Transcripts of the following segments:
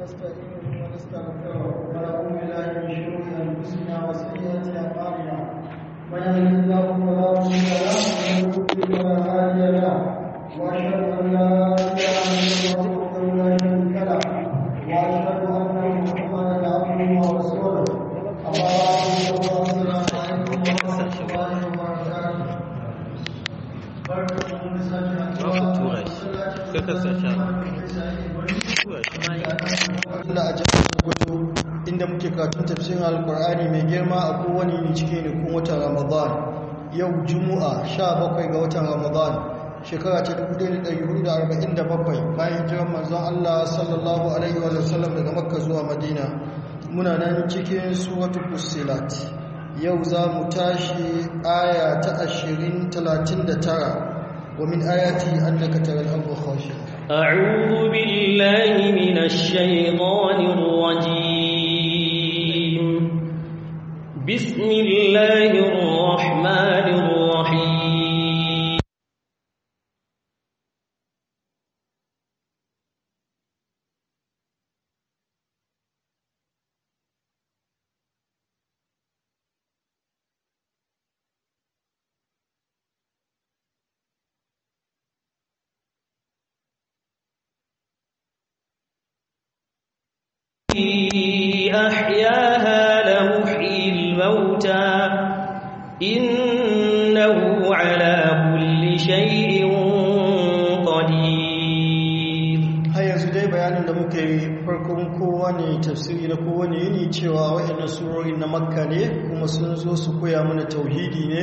ونستعينه ونستغفره ونعوذ بالله من شرور انفسنا وسيئات اعمالنا من يهده الله فلا مضل له ومن يضلل فلا هادي له واشهد ان لا اله الا الله 17 ga watan Ramadan shekara ta 1447 bayan jiran manzon Allah sallallahu alaihi wa sallam daga Makka zuwa Madina muna nan cikin suratul Fussilat yau za mu tashi aya ta 20 39 ومن آياته أنك ترى الأرض خاشعة أعوذ بالله من الشيطان الرجيم بسم الله الرحمن الرحيم أحياها لمحيي الموتى إنه على كل شيء قدير da muka yi farkon kowane tafsiri na kowane yini cewa waɗannan surori na makka ne kuma sun zo su koya mana tauhidi ne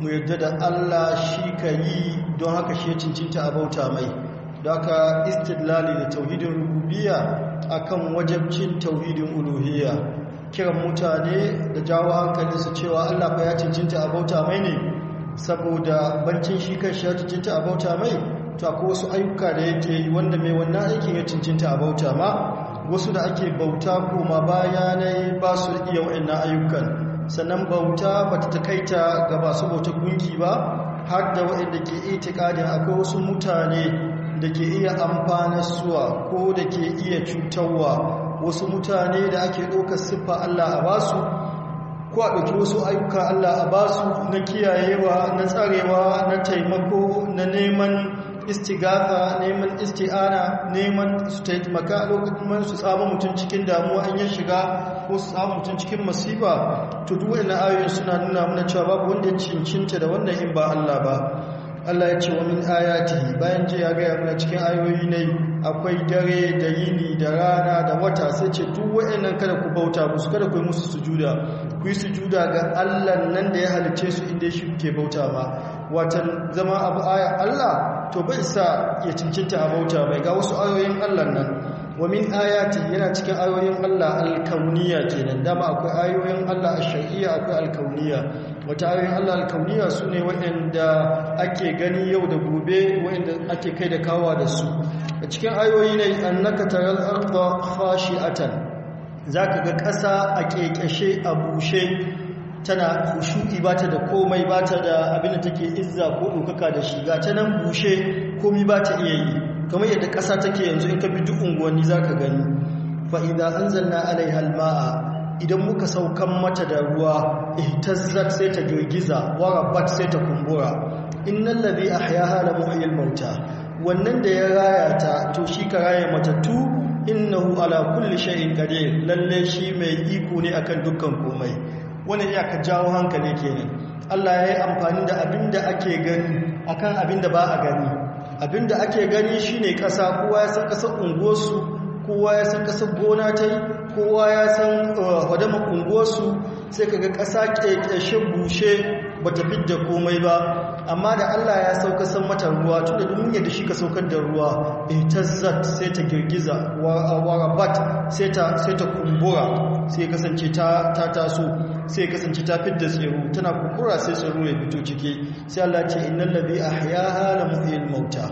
mu yarda da Allah shi ka yi don haka shi ya cincinta a bauta mai da aka istidlali da tauhidin rububiyya akan wajabcin tauhidin uluhiyya kiran mutane da jawo su cewa Allah fa ya a bauta mai ne saboda bancin shi kan shi ya cincinta a bauta mai to akwai wasu ayyuka da yake yi wanda mai wannan aikin ya cincinta a bauta ma wasu da ake bauta koma baya na ba su iya wa'annan ayyukan sannan bauta ba ta takaita ga masu bauta kunki ba har da wa'anda ke itikadin akwai wasu mutane da ke iya amfanarsuwa ko da ke iya cutarwa wasu mutane da ake ɗaukar siffa Allah a basu ko a ɗauki wasu ayyuka Allah a basu na kiyayewa na tsarewa na taimako na neman istigafa neman isti'ana neman su taimaka a lokacin su tsaba mutum cikin damuwa an yi shiga ko su tsaba mutum cikin masifa to duk wannan ayoyin suna nuna mana cewa babu wanda ya cincinta da wannan in ba Allah ba Allah ya ce wa min ayati bayan ce ya gaya mana cikin ayoyi ne akwai dare da yini da rana da wata sai ce duk wayannan kada ku bauta musu kada ku yi musu sujuda ku yi sujuda ga Allah nan da ya halice su inda shi ke bauta ba watan zama abu aya Allah to bai sa ya cincinta a bauta bai ga wasu ayoyin Allah nan wa min ayati yana cikin ayoyin Allah alkauniya kenan dama akwai ayoyin Allah ash-shar'iyya akwai alkauniya wata ayoyin Allah alkauniya su ne waɗanda ake gani yau da gobe waɗanda ake kai da kawa da su a cikin ayoyi ne fashi a tan. Za ka ga ƙasa a kekeshe a bushe tana ba ta da komai ba ta da abin da take izza ko ɗaukaka da shi ga ta nan bushe ba ta iya yi kamar yadda ƙasa take yanzu in ka bi duk unguwanni za ka gani fa'ida an zanna alai halma'a. idan muka saukan mata da ruwa ihtazzat sai ta girgiza warabat sai ta kumbura innal ladhi ahyaha la muhyil mauta wannan da ya raya ta to shi ka raya mata matattu innahu ala kulli shay'in qadir lalle shi mai iko ne akan dukkan komai wannan ya ka jawo hankali kenan Allah ya yi amfani da abinda ake gani akan abinda ba a gani abinda ake gani shine ƙasa kowa ya san ƙasar unguwarsu kowa ya san kasar gona ta yi kowa ya san uh, hadama kunguwarsu sai kaga ƙasa ƙashe bushe ba ta da komai ba amma da Allah ya sauka san mata ruwa tun da duniya da shi ka saukar da ruwa ihtazzat sai ta girgiza uh, warabat sai ta kumbura sai kasance ta taso sai kasance ta fidda tsiro tana kumbura sai tsiro ya fito ciki sai Allah ce ce labi a ahyaha la muhyil mauta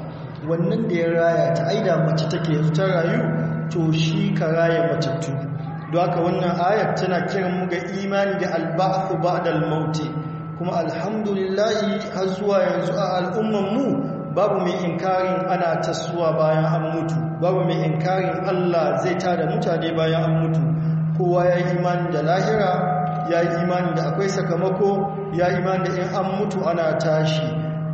wannan da ya raya ta aida mace take ta rayu to shi ka raya batattu don aka wannan ayat tana kiran mu ga imani da ba ba'dal maut kuma alhamdulillahi har zuwa yanzu a al'umman mu babu mai inkarin ana tasuwa bayan an mutu babu mai inkarin Allah zai tada mutane bayan an mutu kowa ya yi imani da lahira ya yi imani da akwai sakamako ya yi imani da in an mutu ana tashi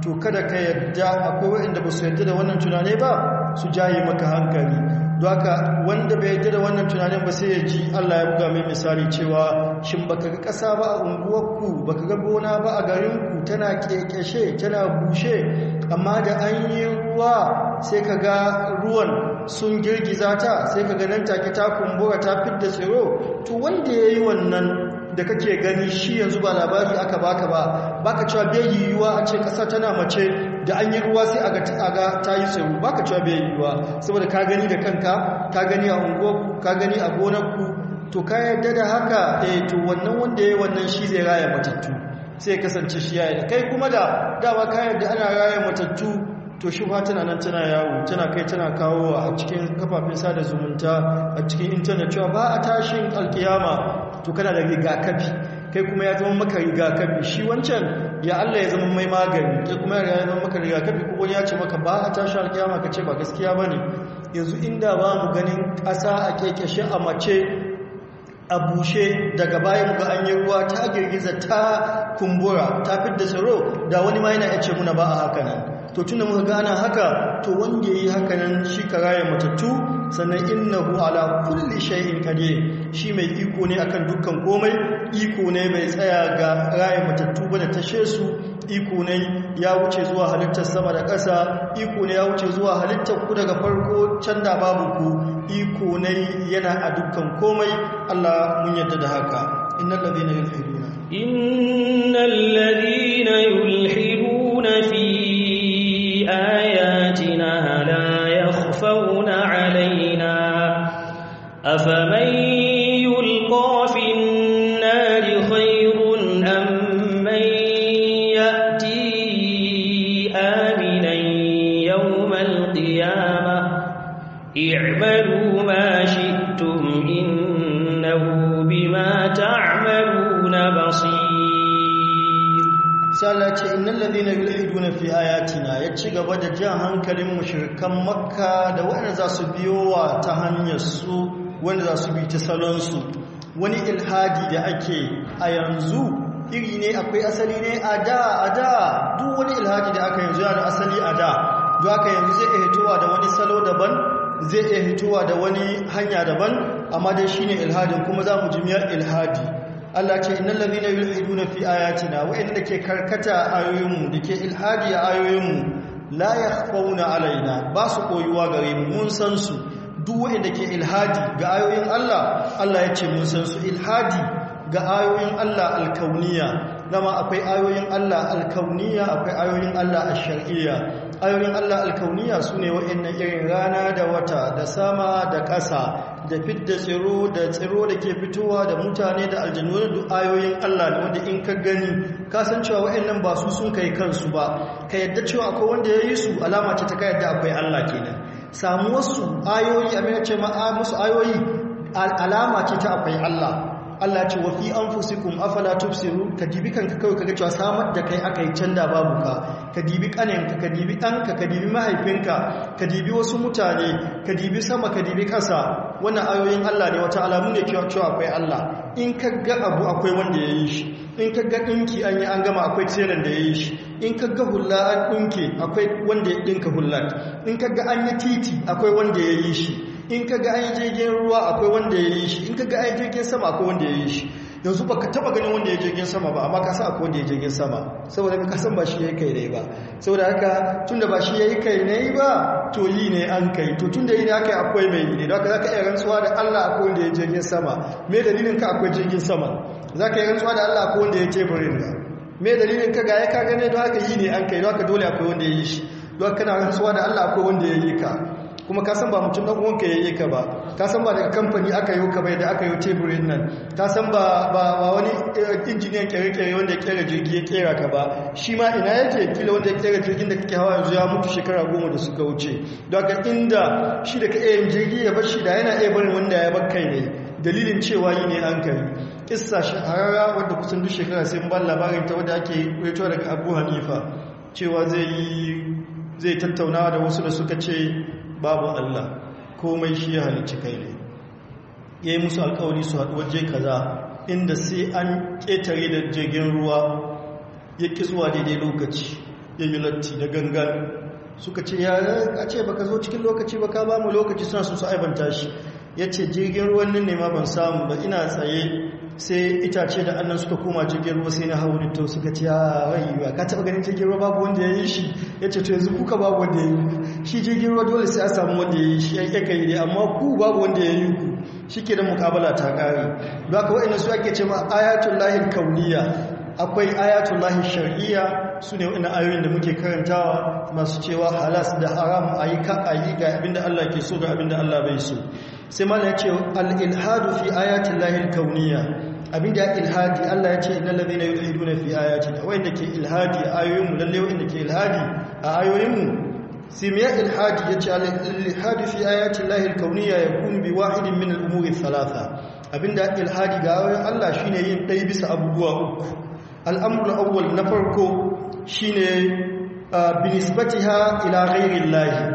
to kada ka yadda akwai waɗanda ba su yadda da wannan tunane ba su jaye maka hankali haka wanda bai yadda da wannan tunanin ba sai ya ji Allah ya buga mai misali cewa shin baka ga ƙasa ba a unguwarku baka ga gona ba a garinku tana kekeshe tana bushe amma da an yi ruwa sai ka ga ruwan sun girgiza ta sai ka ga nan take ta kumbura ta fidda tsiro to wanda ya yi wannan da kake gani shi yanzu ba labari aka baka ba baka cewa bai yiwuwa a ce ƙasa tana mace da an yi ruwa sai aga ta yi tsaro ba ka cewa bai yi ruwa saboda ka gani da kanka ka gani a unguwa ka gani a gonarku to ka yarda da haka e to wannan wanda ya yi wannan shi zai raya matattu sai kasance shi ya yi kai kuma da dama ka yarda ana raya matattu to shi ba tana nan tana yawo tana kai tana kawo a cikin kafafen sada zumunta a cikin intanet cewa ba a tashin alkiyama to kana da rigakafi kai kuma ya zama maka rigakafi shi wancan ya Allah ya zama mai magani kai kuma ya zama maka rigakafi ko wani ya ce maka ba a tashi alkiyama ka ce ba gaskiya ba ne yanzu inda ba mu ganin ƙasa a kekeshe a mace a bushe daga bayan ga an yi ruwa ta girgiza ta kumbura ta fidda tsaro da wani ma yana ya ce muna ba a haka nan to tunda muka gana haka to wanda yayi haka nan shi karaya matattu sannan innahu ala kulli shay'in qadir shi mai iko ne akan dukkan komai iko ne mai tsaya ga raya matattu ba da tashe su iko ne ya wuce zuwa halittar sama da ƙasa iko ne ya wuce zuwa halittar ku daga farko can da babu ku iko ne yana a dukkan komai Allah mun yarda da haka innal ladina yulhiduna innal ladina أفمن يلقى في النار خير أم من يأتي آمنا يوم القيامة اعملوا ما شئتم إنه بما تعملون بصير سألت إن الذين يلحدون في آياتنا يتشق دجاهن كلم مشركا مكة دوئن ذا سبيوا تهنيسوا wanda za su bi ta salonsu wani ilhadi da ake a yanzu iri ne akwai asali ne a da a da duk wani ilhadi da aka yanzu yana asali a da duk aka yanzu zai iya hitowa da wani salo daban zai iya hitowa da wani hanya daban amma dai shine ilhadin kuma za mu jimiyar ilhadi Allah ce innal ladina yulhiduna fi ayatina wa'inda ke karkata ayoyinmu dake ilhadi a ayoyinmu la yakhfawna alaina ba su koyuwa gare mu mun san su duk da ke ilhadi ga ayoyin Allah Allah ya ce mun san su ilhadi ga ayoyin Allah alkauniya dama akwai ayoyin Allah alkauniya akwai ayoyin Allah a shari'a. ayoyin Allah alkauniya su ne wa'annan irin rana da wata da sama da ƙasa da fidda tsiro da tsiro da ke fitowa da mutane da aljanu da duk ayoyin Allah da wanda in ka gani ka san cewa wa'annan ba su sun kai kansu ba ka yadda cewa akwai wanda ya yi su alama ce ta ka yadda akwai Allah kenan samu wasu ayoyi a mai ce musu ayoyi alama ce ta akwai Allah Allah ce wa fi anfusikum afala tubsiru ka dibi kanka kawai kaga cewa samar da kai aka yi canda babu ka ka dibi kanenka ka dibi ɗanka ka dibi mahaifinka ka dibi wasu mutane ka dibi sama ka dibi ƙasa wannan ayoyin Allah ne wata alamu ne cewa akwai Allah in ka ga abu akwai wanda ya yi shi in ka ga ɗinki an yi an gama akwai tseren da ya yi shi in ka ga hula an ɗinke akwai wanda ya ɗinka hula in ka ga an yi titi akwai wanda ya yi shi in ka ga an yi jirgin ruwa akwai wanda ya yi shi in ka ga an yi jirgin sama akwai wanda ya yi shi yanzu ba ka taba ganin wanda ya jirgin sama ba amma ka sa akwai wanda ya jirgin sama saboda ka san ba shi ya yi kai ne ba saboda haka tunda ba shi ya yi kai ne ba to yi ne an kai to tunda yi ne aka akwai mai yi ne don haka za ka iya rantsuwa da allah akwai wanda ya jirgin sama me dalilin ka akwai jirgin sama za ka yi rantsuwa da Allah ko wanda ya teburin da me dalilin ka gaya ka gane don haka yi ne an kai don haka dole akwai wanda ya yi shi don kana na rantsuwa da Allah ko wanda ya yi ka kuma ka san ba mutum ɗan uwanka ya yi ka ba ka san ba daga kamfani aka yi ka bai da aka yi teburin nan ka san ba ba wani eh, injiniyan kere-kere wanda ya kera jirgi ya kera ka ba shi ma ina ce kila wanda ya kera jirgin da kake hawa yanzu ya mutu shekara goma da suka wuce don haka inda shi da ka iya jirgi ya bar shi da yana iya barin wanda ya bar kai ne dalilin cewa yi ne an kai kissa shahararra wadda kusan duk shekara sai ban labarin ta wadda ake kwaito daga abu hanifa cewa zai tattauna da wasu da suka ce babu allah komai shi ya halicci kai ne ya yi musu alkawari su haɗu waje kaza inda sai an ƙetare da jirgin ruwa ya ƙi zuwa daidai lokaci ya yi latti da gangan suka ce ya a ce baka zo cikin lokaci ka ba mu lokaci suna sun su aibanta shi ya ce jirgin ruwan nan ne ma ban samu ba ina tsaye sai itace da annan suka koma jirgin ruwa sai na hau da to suka ce rayuwa ah, ka taba ganin jirgin ruwa babu wanda ya yi shi ya ce to yanzu kuka babu wanda ya yi shi jirgin ruwa dole sai a samu wanda ya yi shi ya kai ne amma ku babu wanda ya yi ku shi ke da mukabala ta kare ba ka su ake ce ma ayatul lahin kauniya akwai ayatul lahin shar'iyya su ne ayoyin da muke karantawa masu cewa halas da haram a yi ka a yi ga abinda Allah ke so ga abinda Allah bai so sai ma ya ce al-ilhadu fi ayatul lahin kauniya abinda ya ilhadi Allah ya ce innal ladina yulhiduna fi ayatina wanda ke ilhadi a ayoyinmu lalle wanda ke ilhadi a ayoyinmu simiya ilhadi ya ce ilhadi fi ayatin lahil kauniya ya kun bi wahidin min al'umuri salasa abinda ilhadi ga ayoyin Allah shine yin ɗai bisa abubuwa uku al'amur awwal na farko shine binisbatiha ila ghairin lahi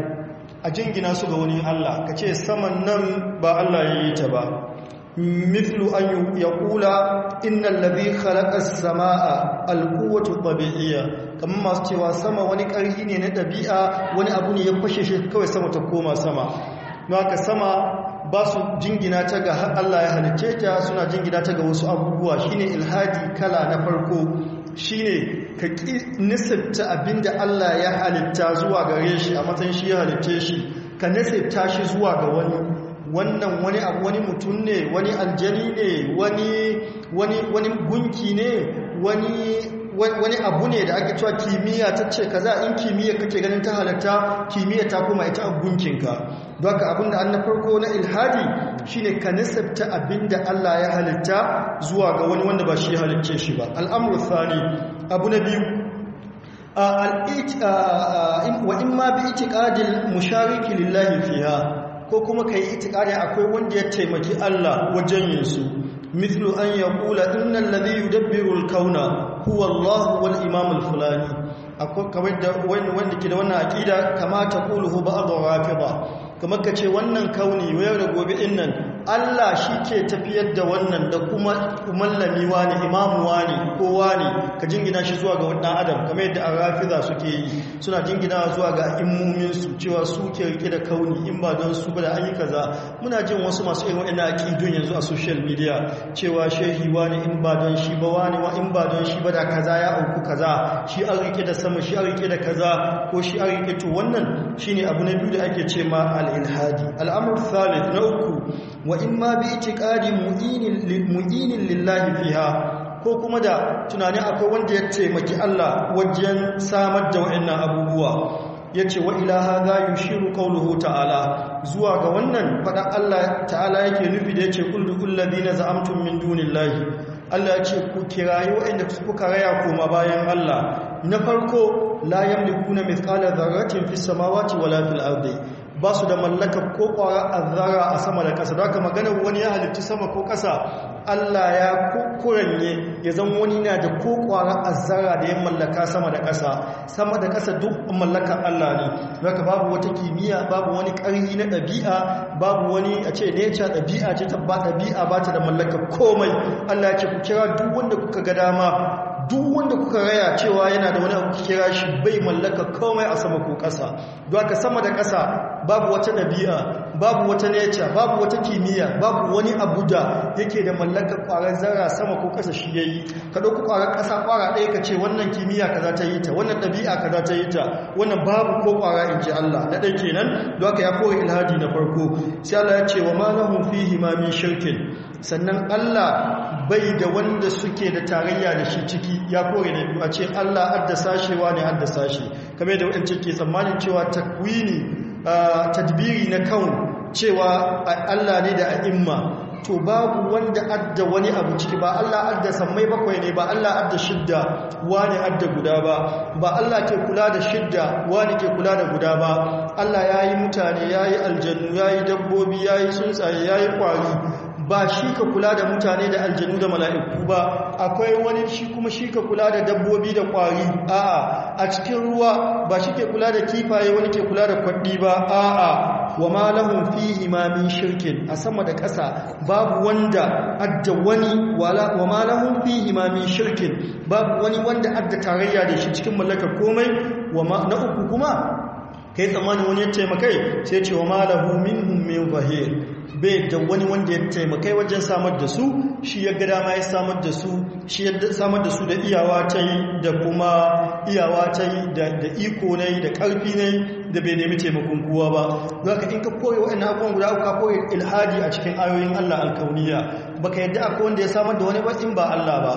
a jingina su ga wani Allah ka ce saman nan ba Allah ya yi ta ba مثل أن يقول إن الذي خلق السماء القوة الطبيعية kamar masu cewa sama wani ƙarfi ne na ɗabi'a wani abu ne ya fashe shi kawai sama ta koma sama sama jingina ta ga Allah ya halicce ta suna jingina ta ga wasu abubuwa shine ilhadi kala na farko shine ka nisabta abinda Allah ya halitta zuwa gare shi a matsayin shi ya halicce shi ka nisabta shi zuwa ga wani wannan wani abu wani mutum ne wani aljani ne wani gunki ne wani abu ne da ake cewa kimiyya ta ce kaza in kimiyya kake ganin ta halatta kimiyya ta kuma ita gunkinka don haka abin da an na farko na ilhadi shine ka nisabta abin Allah ya halitta zuwa ga wani wanda ba shi ya halicce shi ba Al'amur Sani abu na biyu wa in ma bi ƙadil mushariki lillahi fiha ko kuma ka yi itikari akwai wanda ya taimaki Allah wajen yin su mithlu an yaqula innal ladhi yudabbiru al-kauna huwa Allah wal imam fulani akwai kamar da wanda ke da wannan aqida kamata quluhu ba'd ba. kamar ka ce wannan kauni yau da gobe innan Allah shi ke tafiyar da wannan da kuma wa ne imamu ne ko ne ka jingina shi zuwa ga wannan adam kamar yadda arafiza suke yi suna jingina zuwa ga immuminsu cewa su ke rike da kauni in ba don su ba da an yi kaza muna jin wasu masu irin wa'ina don yanzu a social media cewa shehi ne in ba don shi ba wani wa in ba don shi ba da kaza ya auku kaza shi an rike da sama shi an rike da kaza ko shi an rike to wannan shine abu na biyu da ake ce ma al-ilhadi al'amur thalith na uku wa imma bi itiqadi mu'inin lillahi fiha ko kuma da tunani akwai wanda ya taimaki Allah wajen samar da wa'annan abubuwa yace wa ilaha za yushiru qawluhu ta'ala zuwa ga wannan fada Allah ta'ala yake nufi da yace kul dukul ladina za'amtum min dunillahi Allah yace ku kirayi wa'anda kuka raya koma bayan Allah na farko la na mithqala dharratin fis samawati wala fil ardi ba su da mallaka ko kwara zara a sama da kasa da haka maganar wani ya halittu sama ko kasa Allah ya kuranye ya zan wani na da ko kwara zara da ya mallaka sama da kasa sama da ƙasa duk mallaka Allah ne haka babu wata kimiyya babu wani ƙarhi na ɗabi'a babu wani a ce nature ɗabi'a ce ta ba ɗabi'a ba ta da mallaka komai Allah ya ce ku kira duk wanda kuka ga dama duk wanda kuka raya cewa yana da wani abu kira shi bai mallaka komai a sama ko kasa don haka sama da kasa babu wata ɗabi'a babu wata nature babu wata kimiyya babu wani abu da yake da mallakar kwarar zara sama ko kasa shi yayi ka ɗauki kwarar ƙasa ƙwara ɗaya ka ce wannan kimiyya kaza ta yi ta wannan ɗabi'a kaza ta yi ta wannan babu ko kwara in ji Allah na ɗai kenan don haka ya kore ilhadi na farko sai Allah ya ce wa ma lahum fihi ma min shirkin sannan Allah bai da wanda suke da tarayya da shi ciki ya kore na a ce Allah addasa shewa ne addasa shi kamar da waɗancan ke tsammanin cewa takwini tadbiri na kan cewa Allah ne da a'imma to babu wanda adda wani abu ciki ba Allah adda sammai bakwai ne ba Allah adda shidda wani adda guda ba ba Allah ke kula da shidda wani ke kula da guda ba Allah ya yi mutane ya yi aljannu ya yi dabbobi ya yi tsuntsaye ya yi kwari ba shi ka kula da mutane da aljanu da mala'iku ba akwai wani shi kuma shi ka kula da dabbobi da kwari a'a a cikin ruwa ba shi ke kula da kifaye wani ke kula da kwaddi ba a'a wa ma lahum imamin shirkin a sama da ƙasa babu wanda adda wani wa ma shirkin babu wani wanda adda tarayya da shi cikin mallakar komai na uku kuma kai tsammanin wani ya taimakai sai ce wa malahu minhum min zahir bai da wani wanda ya taimakai wajen samar da su shi ya ga dama ya samar da su shi ya samar da su da iyawa ta yi da kuma iyawa ta yi da iko ne da karfi ne da bai nemi taimakon kuwa ba za ka in ka koyi ina abubuwan guda ka koyi ilhadi a cikin ayoyin Allah alkauniya baka yadda akwai wanda ya samar da wani ba in ba Allah ba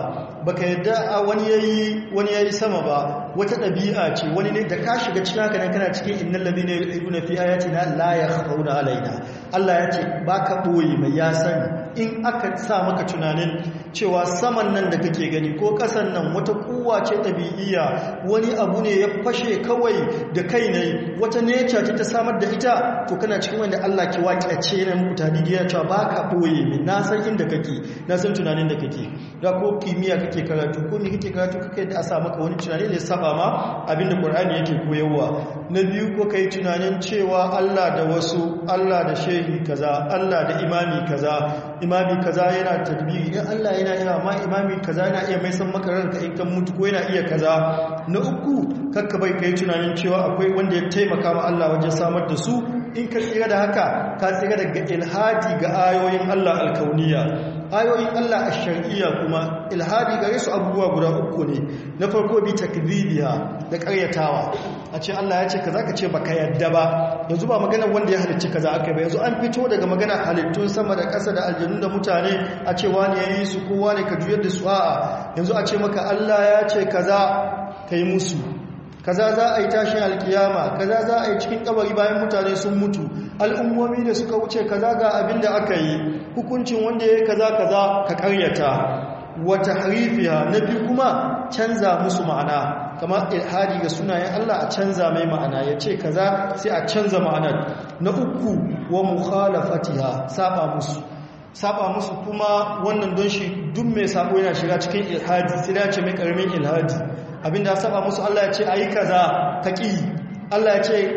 baka yadda wani yayi wani yayi sama ba wata ɗabi'a ce wani ne da ka shiga cikin haka nan kana cikin ya ce, na fi ayatina la yakhfawna alaina Allah ya ce ba ka ɓoye mai ya sani in aka sa maka tunanin cewa saman nan da kake gani ko ƙasan nan wata kuwa ce ɗabi'iyya wani abu ne ya fashe kawai da kai ne wata neca ce ta samar da ita to kana cikin wanda Allah ke a ce na mutane da ya cewa ba ka ɓoye ne na san inda kake na san tunanin da kake da ko kimiyya kake karatu ko me kake karatu kake da a sa maka wani tunani da ya saba ma abinda Qur'ani yake koyarwa na biyu ko ka yi tunanin cewa Allah da wasu Allah da shehi kaza Allah da imami kaza imami kaza yana tarbiyya idan Allah yana yi amma imami kaza yana iya mai san maka in kan mutu ko yana iya kaza na uku kakka bai kai tunanin cewa akwai wanda ya taimaka ma Allah wajen samar da su in ka tsira da haka ka tsira daga ilhadi ga ayoyin Allah alkauniya ayoyin Allah a shari'a kuma ilhadi gare su abubuwa guda uku ne na farko bi takdhibiha da karyatawa a ce Allah ya ce kaza ka ce ba ka yadda ba yanzu ba magana wanda ya halicci kaza akai ba yanzu an fito daga magana halittun sama da ƙasa da aljannu da mutane a ce wani yayi su kowa ne ka juyar da su a'a yanzu a ce maka Allah ya ce kaza kai musu kaza za a yi tashin alkiyama kaza za a yi cikin kabari bayan mutane sun mutu al'ummomi da suka wuce kaza ga abin da aka yi hukuncin wanda ya yi kaza kaza ka karyata wata harifiya na biyu kuma canza musu ma'ana kamar ilhadi ga sunayen Allah a canza mai ma'ana ya ce kaza sai a canza ma'anar na uku wa mukhalafatiha saba musu saba musu kuma wannan don shi duk mai sabo yana shiga cikin ilhadi sai ya ce mai karamin ilhadi abinda ya saba musu Allah ya ce ayi kaza ka ƙi Allah ya ce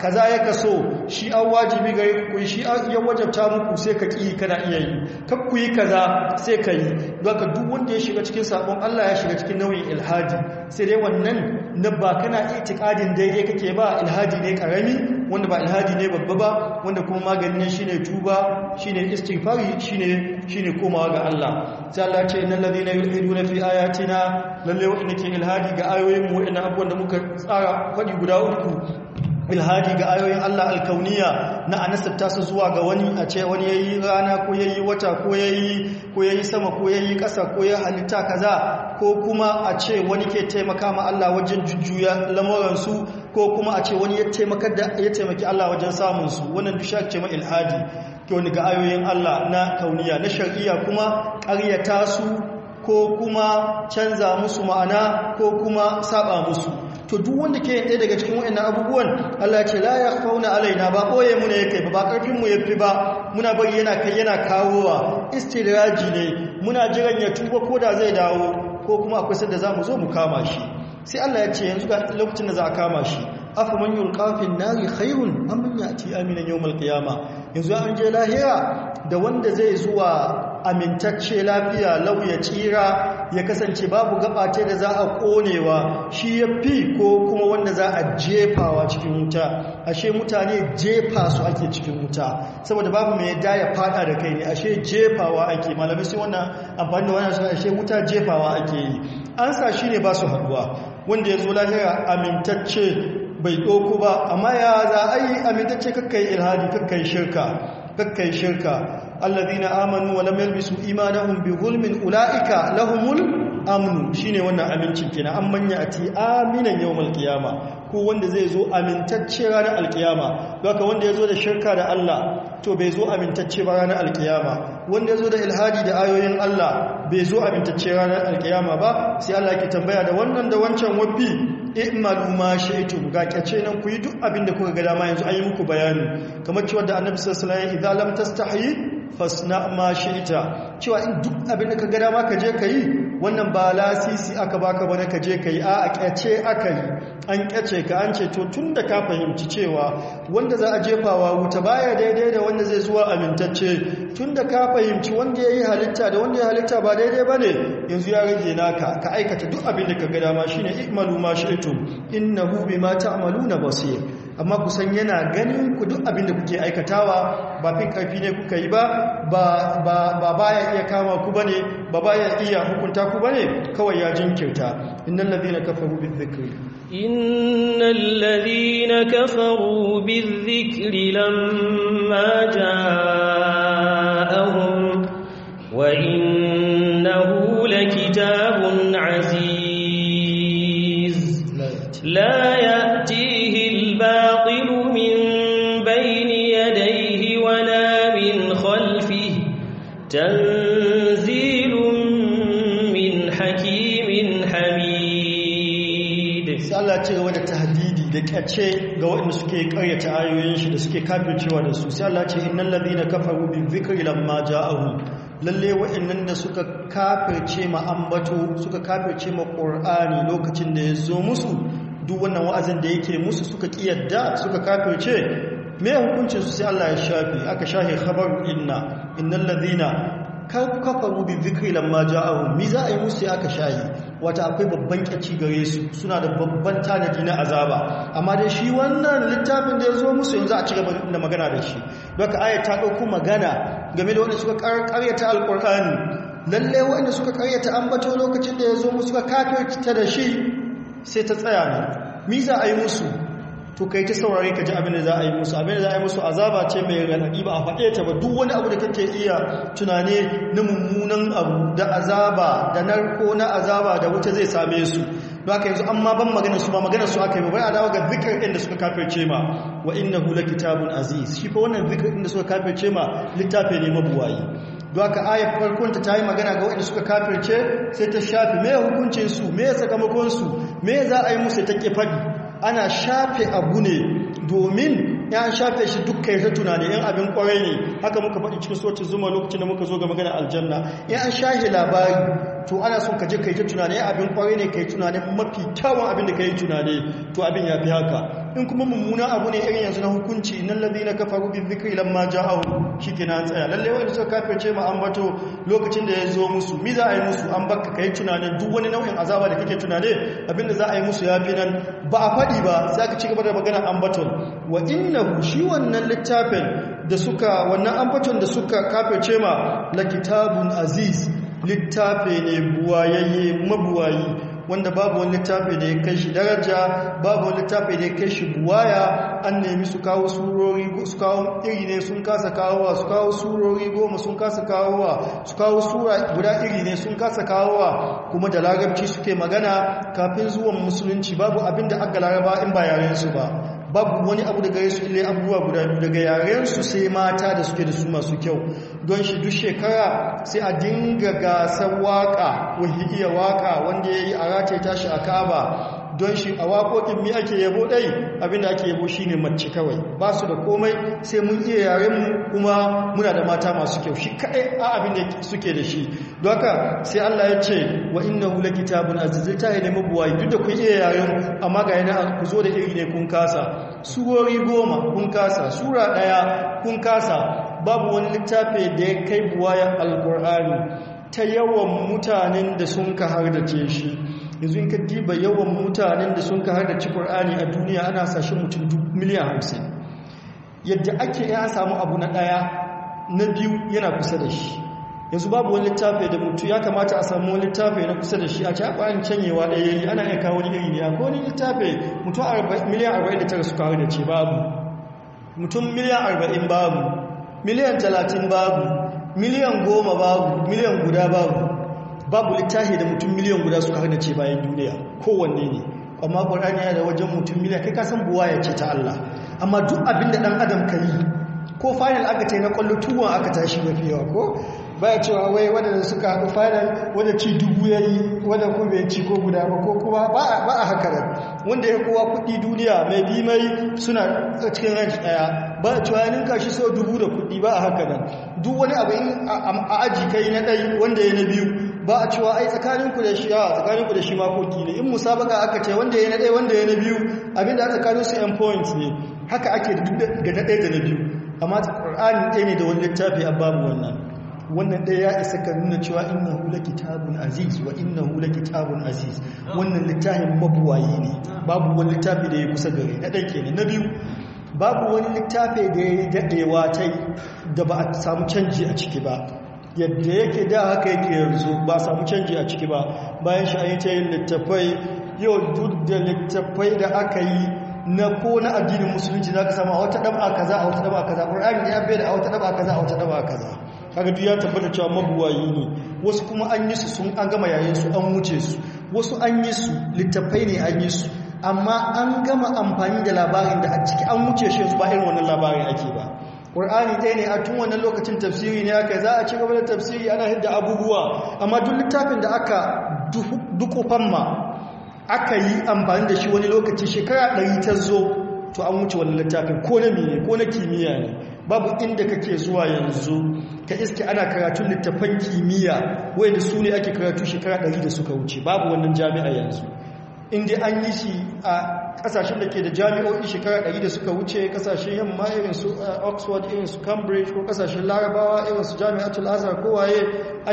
kaza ya kaso shi an wajibi gare ku shi an iya wajabta muku sai ka ki kana iya yi kar ku yi kaza sai ka yi don ka duk wanda ya shiga cikin sabon Allah ya shiga cikin nauyin ilhadi sai dai wannan na ba kana itikadin daidai kake ba ilhadi ne karami wanda ba Alhaji ne babba ba wanda kuma magani ne shine tuba shine istighfari shine shine komawa ga Allah sai Allah ce innal ladina yulhiduna fi ayatina lalle wa'inda ke Alhaji ga ayoyin mu wa'inda abubuwan da muka tsara kwadi guda uku ilhadi ga ayoyin Allah alkauniya na anasabta su zuwa ga wani a ce wani yayi rana ko yayi wata ko yayi ko yayi sama ko yayi ƙasa ko yayi halitta kaza ko kuma a ce wani ke taimaka ma Allah wajen jujjuya lamuran su ko kuma a ce wani ya taimaka da ya taimaki Allah wajen samun su wannan duk ce ma ilhadi ke wani ga ayoyin Allah na kauniya na shar'iyya kuma ƙaryata su ko kuma canza musu ma'ana ko kuma saba musu to duk wanda ke ɗaya daga cikin wa'annan abubuwan Allah ce la ya fauna alaina ba koye mu ya yake ba karfin mu fi ba muna bayyana kai yana kawowa istiraji ne muna jiran ya tuba ko da zai dawo ko kuma akwai sanda za mu zo mu kama shi sai Allah ya ce yanzu ga lokacin da za a kama shi afa man yulqa fi an-nari khairun am man ya'ti aminan yawm al yanzu an je lahira da wanda zai zuwa amintacce lafiya lauya tsira ya kasance babu gabace da za a konewa shi ya fi ko kuma wanda za a jefawa cikin wuta ashe mutane jefa su ake cikin wuta saboda babu mai yadda ya fada da kai ne ashe jefawa ake malamai sai wannan amfani da wannan suna ashe wuta jefawa ake yi an sa shi ne ba su haduwa wanda ya zo lahira amintacce bai ɗoku ba amma ya za a yi amintacce kakkai ilhadi kakkai shirka kakkai shirka na amanu wa lam yalbisu imanahum bi zulmin ulaika lahumul amnu shine wannan amincin kenan an manya a ti aminan yawmal qiyama ko wanda zai zo amintacce ranar alkiyama haka wanda ya zo da shirka da Allah to bai zo amintacce ba ranar alkiyama wanda ya zo da ilhadi da ayoyin Allah bai zo amintacce ranar alkiyama ba sai Allah ke tambaya da wannan da wancan wafi i'malu ma Shaitu, ga kace nan ku yi duk abinda kuka ga dama yanzu an yi muku bayani kamar cewa da annabi sallallahu alaihi wasallam idza lam tastahi fasna ma shaita cewa in duk abinda ka ga dama ka je ka yi wannan ba lasisi aka baka bane ka je kai a a kyace aka yi an kyace ka an ce to tunda ka fahimci cewa wanda za a jefawa wuta baya daidai da wanda zai zuwa amintacce tunda ka fahimci wanda yayi halitta da wanda ya halitta ba daidai bane yanzu ya rage naka ka aikata duk abin da ka ga dama shine ikmalu ma shi'tum innahu bima ta'maluna basir amma kusan yana ganin ku duk abin da kuke aikatawa ba fin karfi ne kuka yi ba ba baya iya kama ku ba ne ba baya iya hukunta ku ba ne kawai ya jinkirta innal ladina kafaru bizikri innal ladina kafaru bizikri lamma ja'ahum wa innahu lakitabun aziz la da kace ga waɗanda suke ƙaryata ayoyin shi da suke kafircewa da su sai Allah ce innal ladina kafaru bi dhikri lamma ja'ahu lalle waɗannan da suka kafirce ma ambato suka kafirce ma Qur'ani lokacin da ya zo musu duk wannan wa'azin da yake musu suka kiyarda suka kafirce me hukuncin su sai Allah ya shafi aka shahi khabar inna innal ladina kafaru bi dhikri lamma ja'ahu mi za a yi musu aka shahi wata akwai babban kyaci gare su suna da babban tanadi na azaba amma dai shi wannan littafin da ya zo musu yanzu a ci gaba da magana da shi doka aya ta ɗauko magana game da wanda suka karyata alkur'ani lalle wanda suka karyata ambato lokacin da ya zo musu ka kafirta da shi sai ta tsaya ne miza a yi musu to kai ta saurari ka ji abin da za a yi musu abin da za a yi musu azaba ce mai raɗaɗi ba a faɗe ta ba duk wani abu da kake iya tunane na mummunan abu da azaba da narko na azaba da wuce zai same su don aka yanzu amma ban magana su ba magana su aka yi bai adawa ga zikir ɗin da suka kafirce ma wa hula kitabun aziz shi fa wannan zikir ɗin da suka kafirce ma littafi ne mabuwayi Duka ayar farkon ta yi magana ga waɗanda suka kafirce sai ta shafi mai hukuncinsu mai sakamakonsu me za a yi musu ta ƙi faɗi ana shafe abu ne domin ya shafe shi duk kai ta tunani yan abin kwarai ne haka muka faɗi cikin sautin zuma lokacin da muka zo ga magana aljanna ya an shahi labari to ana son ka je kai ta tunani yan abin kwarai ne kai tunani mafi kyawun abin da kai tunani to abin ya fi haka in kuma mummuna abu ne irin yanzu na hukunci nan ladina kafaru bi zikri lamma ja'ahu shike na tsaya lalle wanda suka kafirce mu ambato lokacin da ya zo musu mi za a yi musu an baka kai tunanin duk wani nau'in azaba da kake tunane abinda za a yi musu fi nan ba a faɗi ba za ka ci gaba da magana ambaton wa innahu shi wannan littafin da suka wannan ambaton da suka kafirce ma la kitabun aziz littafi ne buwayayye mabuwayi wanda babu wani littafi da ya kai shi daraja babu wani littafi da ya kai shi buwaya an nemi su kawo surori su kawo iri ne sun kasa kawowa su kawo surori goma sun kasa kawowa su kawo sura guda iri ne sun kasa kawowa kuma da larabci suke magana kafin zuwan musulunci babu abin da aka laraba in ba yarensu ba babu wani abu daga su ile abubuwa guda biyu daga yarensu sai mata da suke da su masu kyau don shi duk shekara sai a dinga gasar waka wahi waƙa waka wanda ya yi a rataye tashi a kaba don shi a waƙoƙin mi ake yabo ɗai abinda ake yabo shi ne mace kawai ba su da komai sai mun iya yarenmu kuma muna da mata masu kyau shi kaɗai a abinda suke da shi don haka sai allah ya ce wa inna hula kitabun azizil ta ne buwayi. duk da kun iya yaren amma ga yana ku zo da iri ne kun kasa surori goma kun kasa sura ɗaya kun kasa babu wani littafi da ya kai buwayan alkur'ani ta yawan mutanen da sun ka hardace shi yanzu in ka diba yawan mutanen da sun ka halarci ƙur'ani a duniya ana sashen mutum miliyan hamsin yadda ake ya samu abu na ɗaya na biyu yana kusa da shi yanzu babu wani littafi da mutu ya kamata a samu wani littafi na kusa da shi a cikin akwayin canyewa da yayi ana iya kawo wani yayi ya a wani littafi mutu miliyan arba'in da su suka da ce babu mutum miliyan arba'in babu miliyan talatin babu miliyan goma babu miliyan guda babu babu littafi da mutum miliyan guda suka hana ce bayan duniya kowanne ne amma ƙwararri ya da wajen mutum miliyan kai kasan buwa ya ce ta Allah amma duk abin da ɗan adam ka yi ko final aka ce na ƙwallo tuwon aka tashi mafi yawa ko baya cewa wai wadanda suka haɗu final wadda ci dubu ya yi wadda ko bai ci ko guda ba ko kuma ba a haka da wanda ya kowa kuɗi duniya mai bi mai suna cikin ranci ɗaya ba a cewa ninka shi sau dubu da kuɗi ba a haka da duk wani abu a aji kai na ɗai wanda ya na biyu ba a cewa ai tsakaninku da shi a tsakaninku da shi makoki ne in musabaka aka ce wanda ya na ɗaya wanda ya na biyu abinda aka tsakanin su yan points ne haka ake ga na ɗaya da na biyu amma qur'ani ɗaya ne da wani littafi a babu wannan wannan ɗaya ya isa ka nuna cewa inna hula kitabun aziz wa inna hula kitabun aziz wannan littafin mabuwayi ne babu wani littafi da ya kusa gare na ɗaya kenan na biyu babu wani littafi da ya yi daɗewa ta da ba a samu canji a ciki ba yadda yake da haka yake yanzu ba samu canji a ciki ba bayan shi an yi yin littafai yau duk da littafai da aka yi na ko na addinin musulunci za ka samu a wata ɗaba kaza a wata ɗaba kaza ƙur'ani ya bai da a wata ɗaba kaza a wata ɗaba kaza a duk ya tabbata cewa mabuwayi ne wasu kuma an yi su sun an gama yayin su an wuce su wasu an yi su littafai ne an yi su amma an gama amfani da labarin da a ciki an wuce shi ba irin wannan labarin ake ba Qur'ani ɗaya ne a tun wannan lokacin tafsiri ne aka za a ci gaba da tafsiri ana hidda abubuwa amma duk littafin da aka dukufan ma aka yi amfani da shi wani lokaci shekara ɗari ta zo to an wuce wani littafin ko na mene ko na kimiyya ne babu inda kake zuwa yanzu ka iske ana karatun littafan kimiyya wanda su ne ake karatu shekara ɗari da suka wuce babu wannan jami'a yanzu in inda an yi shi a kasashen da ke da jami'o'i shekara ɗari da suka wuce kasashen yamma irin su eh, oxford irin su cambridge ko kasashen larabawa irin su jami'atul azhar ko an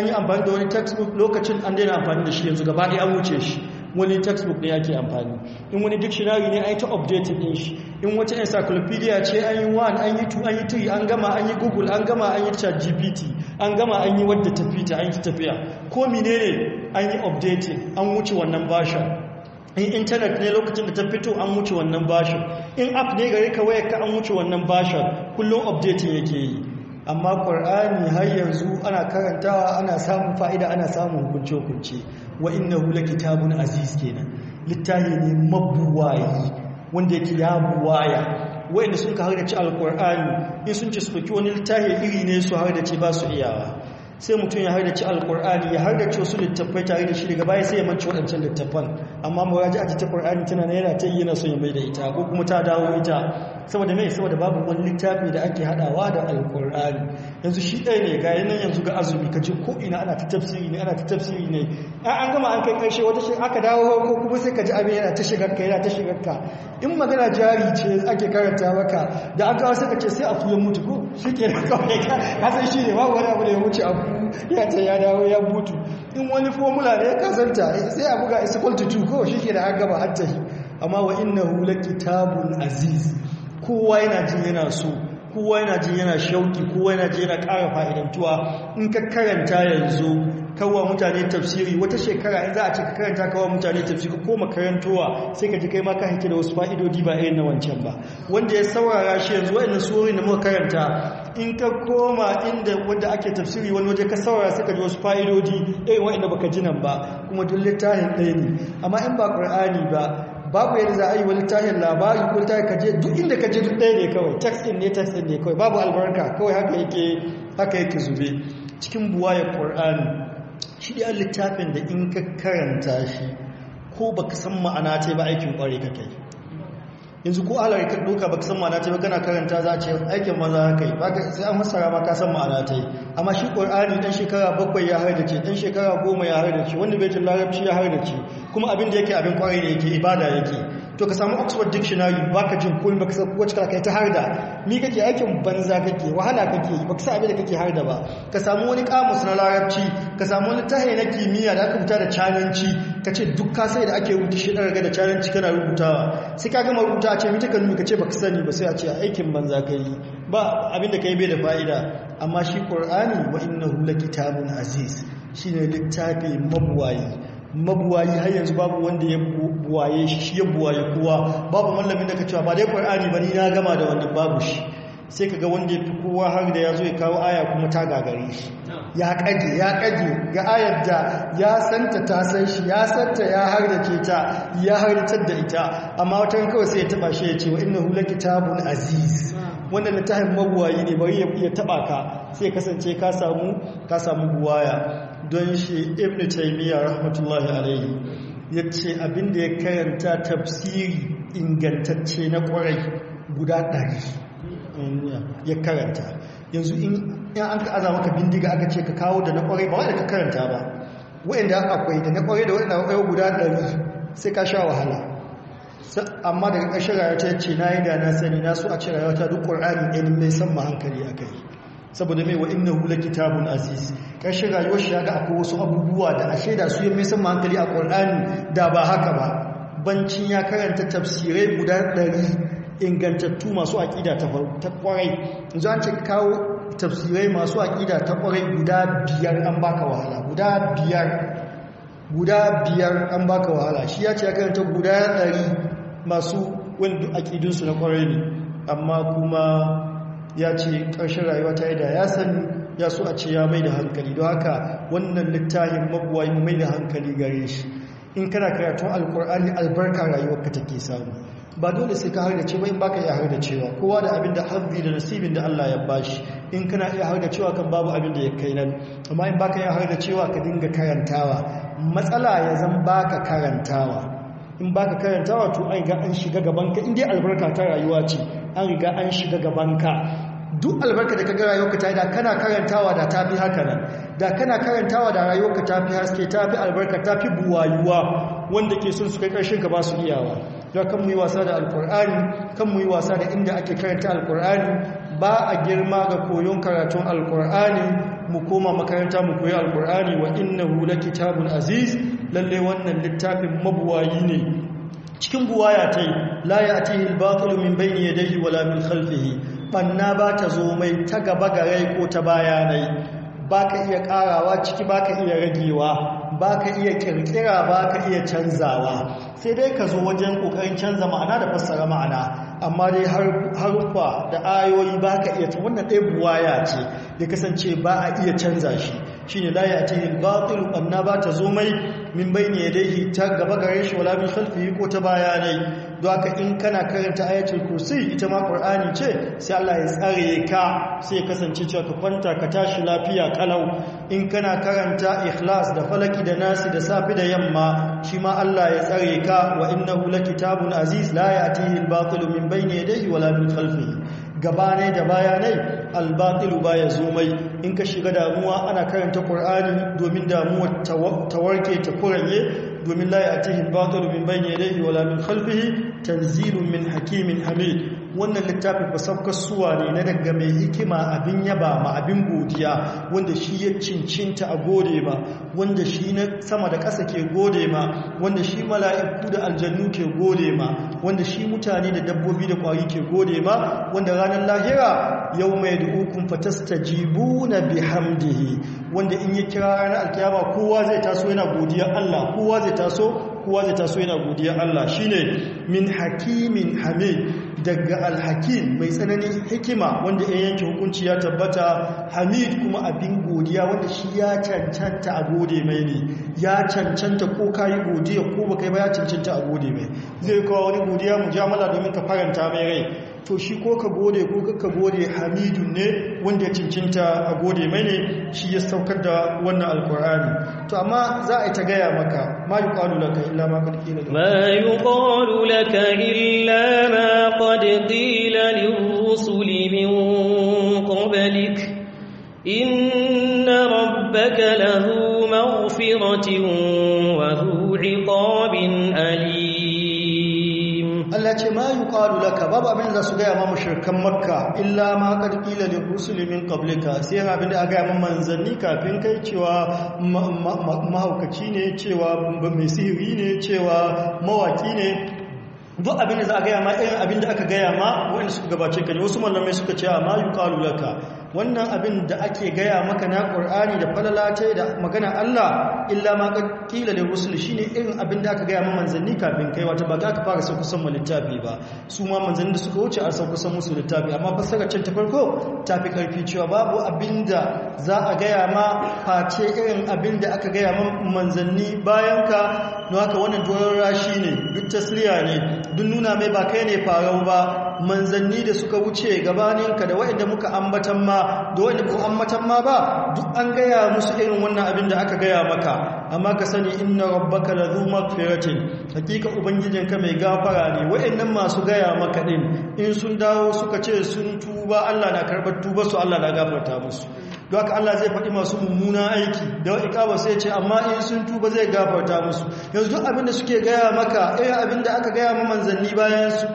yi amfani da wani textbook lokacin an daina amfani da shi yanzu gaba ɗaya an wuce shi wani textbook ne yake amfani in wani dictionary ne an yi ta updating din shi in wata encyclopedia ce an yi one an yi two an yi three an gama an yi google an gama an yi chat gpt an gama an yi wadda tafi ta an yi tafiya ko menene an yi updating an wuce wannan version in intanet ne lokacin da ta fito an wuce wannan bashin in app ne gare ka waya ka an wuce wannan bashin kullum updating yake yi amma ƙwar'ani har yanzu ana karantawa ana samun fa'ida ana samun hukunce-hukunce wa inna hula kitabun aziz kenan littafi ne mabuwayi wanda yake ya buwaya wa'inda sun ka har da ci alƙwar'ani in sun ce su ɗauki wani littafi iri ne su har da ci ba su iyawa sai mutum ya hardace alkur'ani ya hardace wasu littattafai tare da shi daga baya sai ya manci waɗancan littattafan amma a ta kur'ani tana ne yana ta yi yana so ya mai da ita ko kuma ta dawo ita saboda mai saboda babu wani littafi da ake hadawa da alkur'ani yanzu shi ɗaya ne ga yanzu ga azumi ka ji ko ina ana ta tafsiri ne ana ta tafsiri ne an gama an kai ƙarshe wata shi aka dawo ko kuma sai ka ji abin yana ta shigar ka yana ta shigar ka in magana jari ce ake karanta maka da an kawo sai ka ce sai a fuyan mutu ko shi ke da kawai ka san shi ne babu wani abu da ya wuce abu ya ce ya dawo ya butu in wani fomula da ya kasanta sai a buga is equal to 2 ko shi ke da har gaba har amma wa innahu kitabun aziz kowa yana jin yana so kowa yana jin yana shauki kowa yana jin yana ƙara fa'idantuwa in ka karanta yanzu kawo mutane tafsiri wata shekara in za a ce ka karanta kawo mutane tafsiri ko makarantowa sai ka ji kai ma ka hake da wasu fa'idodi ba irin na wancan ba wanda ya saurara shi yanzu wa'annan surorin da muka karanta in ka koma inda wanda ake tafsiri wani waje ka saurara sai ka ji wasu fa'idodi irin wa'anda baka ji nan ba kuma duk littafin ɗaya ne amma in ba ƙur'ani ba babu yadda za a yi wani tahin labari ko tahin kaje duk inda kaje duk ɗaya ne kawai text ɗin ne text ɗin ne kawai babu albarka kawai haka yake haka yake zube cikin buwayar ƙur'ani. shi da littafin da in ka karanta shi ko baka san ma'ana ce ba aikin kware kake yanzu ko alar ka doka baka san ma'ana ce ba kana karanta za a ce aikin maza kai sai an masara ba ka san ma'ana ta yi amma shi qur'ani ɗan shekara bakwai ya har da ce ɗan shekara goma ya har da ce wanda bai larabci ya har da ce kuma abin da yake abin kwarai ne yake ibada yake to ka samu oxford dictionary baka jin komai baka san wacce kala kai ta harda ni kake aikin banza kake wahala kake baka san abin da kake harda ba ka samu wani kamus na larabci ka samu wani tahe na kimiyya da aka rubuta da cananci ka ce duk ka sai da ake rubuta shi da da cananci kana rubutawa sai ka gama rubuta a ce mita kalmi ka ce baka sani ba sai a ce aikin banza kai ba abin da kai bai da fa'ida amma shi qur'ani wa innahu lakitabun aziz shine littafi mabwayi mabuwayi har yanzu babu wanda ya buwaye shi ya buwaye kowa babu mallamin da ka cewa ba dai qur'ani ba ni na gama da wanda babu shi sai kaga wanda ya fi kowa har da ya zo ya kawo aya kuma ta gagare shi ya kaje ya kaje ga ayar da ya santa ta san shi ya santa ya har da ke ta ya har da ita amma watan kawai sai ya taba shi ya ce wa innahu lakitabun aziz wannan littafin mabuwayi ne bari ya taba ka sai kasance ka samu ka samu buwaya don shi ibn taimiyya rahmatullahi alayhi ya abin da ya karanta tafsiri ingantacce na kwarai guda ɗari ya karanta yanzu in an ka aza maka bindiga aka ce ka kawo da na kwarai ba wadda ka karanta ba wa'anda akwai da na kwarai da wa'anda akwai guda ɗari sai ka sha wahala amma daga ƙarshen rayuwa ta ce na yi da na sani na so a ce rayuwa ta duk ƙur'ani ɗin mai san hankali a kai saboda mai wa inna hula kitabun aziz ƙarshen rayuwar shi ga akwai wasu abubuwa da a shaida su yi mai sama a ƙwarɗani da ba haka ba bancin ya karanta tafsirai guda ɗari ingantattu masu aƙida ta ƙwarai za ce kawo tafsirai masu aƙida ta ƙwarai guda biyar an baka wahala guda biyar guda biyar an baka wahala shi ya ce ya karanta guda ɗari masu wani aƙidinsu na ƙwarai ne amma kuma ya ce ƙarshen rayuwa ta yi da ya sani ya so a ce ya mai da hankali don haka wannan littafin mabuwayi mai da hankali gare shi in kana karatun alkur'ani albarka rayuwarka take samu ba dole sai ka da cewa in baka iya da cewa kowa da abin da hazzi da nasibin da Allah ya bashi in kana iya da cewa kan babu abin da ya kai nan amma in baka iya da cewa ka dinga karantawa matsala ya zan baka karantawa in ka karantawa to ai ga an shiga gaban ka in dai albarka ta rayuwa ce an ga an shiga gabanka duk albarka da kaga rayuwarka ta yi da kana karantawa da tafi haka nan da kana karantawa da rayuwarka tafi haske tafi albarka tafi buwayuwa wanda ke son su kai karshen ka ba su iyawa Da kan muyi wasa da alkur'ani kan muyi wasa da inda ake karanta alkur'ani ba a girma ga koyon karatun alkur'ani mu koma makaranta mu koyi alkur'ani wa innahu lakitabun aziz lalle wannan littafin mabuwayi ne cikin buwaya ta yi la ya ati hilbatulu min ya dahi wala min khalfihi banna ba ta zo mai ta gaba gare ko ta bayanai. ba ka iya karawa ciki ba ka iya ragewa ba ka iya kirkira ba ka iya canzawa sai dai ka zo wajen kokarin canza ma'ana da fassara ma'ana amma dai harufa da ayoyi ba ka iya ta wannan ɗaya buwaya ce ya kasance ba a iya canza shi shine la a al-batil banna ba ta zo mai min bayni yadayhi ta gaba gare shi wala min khalfihi ko ta bayanai Do haka in kana karanta ayatul kursi ita ma qur'ani ce sai Allah ya tsare ka sai ya kasance cewa ka kwanta ka tashi lafiya kalau in kana karanta ikhlas da falaki da nasi da safi da yamma shi ma Allah ya tsare ka wa innahu kitabun aziz la ya'tihi al-batil min bayni yadayhi wala min khalfihi gabanai da bayanai albaƙilu baya zo mai in ka shiga damuwa ana karanta ƙur'ani domin damuwa ta warke ta kuranye domin la ya atihi albaƙilu min bayne yadayhi wala min khalfihi tanzilun min hakimin hamid wannan littafin fasaukar suwa ne na daga mai hikima abin yaba ma abin godiya wanda shi ya cincinta a gode ma wanda shi na sama da ƙasa ke gode ma wanda shi mala'iku da aljannu ke gode ma wanda shi mutane da dabbobi da ƙwari ke gode ma wanda ranar lahira yau mai du'ukun fatasta jibu na bihamdihi wanda in yi kira ranar alkiyama kowa zai taso yana godiyar allah kowa zai taso kowa zai taso yana godiya Allah shi shine min hakimin hamid daga alhakim mai tsananin hikima wanda ya yanke hukunci ya tabbata hamid kuma abin godiya wanda shi ya cancanta a gode mai ne ya cancanta ko ka yi godiya ko ba kai ba ya cancanta a gode mai zai kawo wani godiya mujamala domin ka faranta mai rai to shi ko ka gode ko ka gode hamidun ne wanda ya cincinta a gode mai ne shi ya saukar da wannan alkur'ani to amma za a yi ta gaya maka ma yuqalu laka illa ma qad qila ma yuqalu laka illa ma qad qila lirrusuli min qablik inna rabbaka lahu maghfiratun wa hu kobin alim ya ce ma yi ƙwaru laka babu abin da su gaya ma mashirkan makka illa ma ƙarƙila da musulmin ƙablika sai abin da aka gaya ma manzanni kafin kai cewa mahaukaci ne cewa mai sihiri ne cewa mawaki ne duk abin da za a gaya ma irin abin da aka gaya ma waɗanda suka gabace ka ne wasu mallamai suka ce a ma yi ƙwaru laka wannan abin da ake gaya maka na ƙur'ani da falalace da magana Allah illa ma ƙila da rusul shi ne irin abin da aka gaya ma manzanni kafin kai wata ba ka fara sau kusan littafi ba su ma manzanni da suka wuce a sau kusan musu littafi amma fassara can ta farko ta fi karfi cewa babu abin da za a gaya ma face irin abin da aka gaya ma manzanni bayan ka don haka wannan doron rashi ne duk tasliya ne duk nuna mai ba kai ne farau ba manzanni da suka wuce gabaninka da wa'inda muka ambatan ma da waɗanda muka ambatan ma ba duk an gaya musu irin wannan abin da aka gaya maka amma ka sani inna rabbaka la zu firatin hakika ubangijinka mai gafara ne waɗannan masu gaya maka ɗin in sun dawo suka ce sun tuba Allah na karɓar tuba su Allah na gafarta musu don haka Allah zai faɗi masu mummuna aiki da ikaba sai ce amma in sun tuba zai gafarta musu yanzu duk abin suke gaya maka irin eh, abinda aka gaya ma manzanni bayan su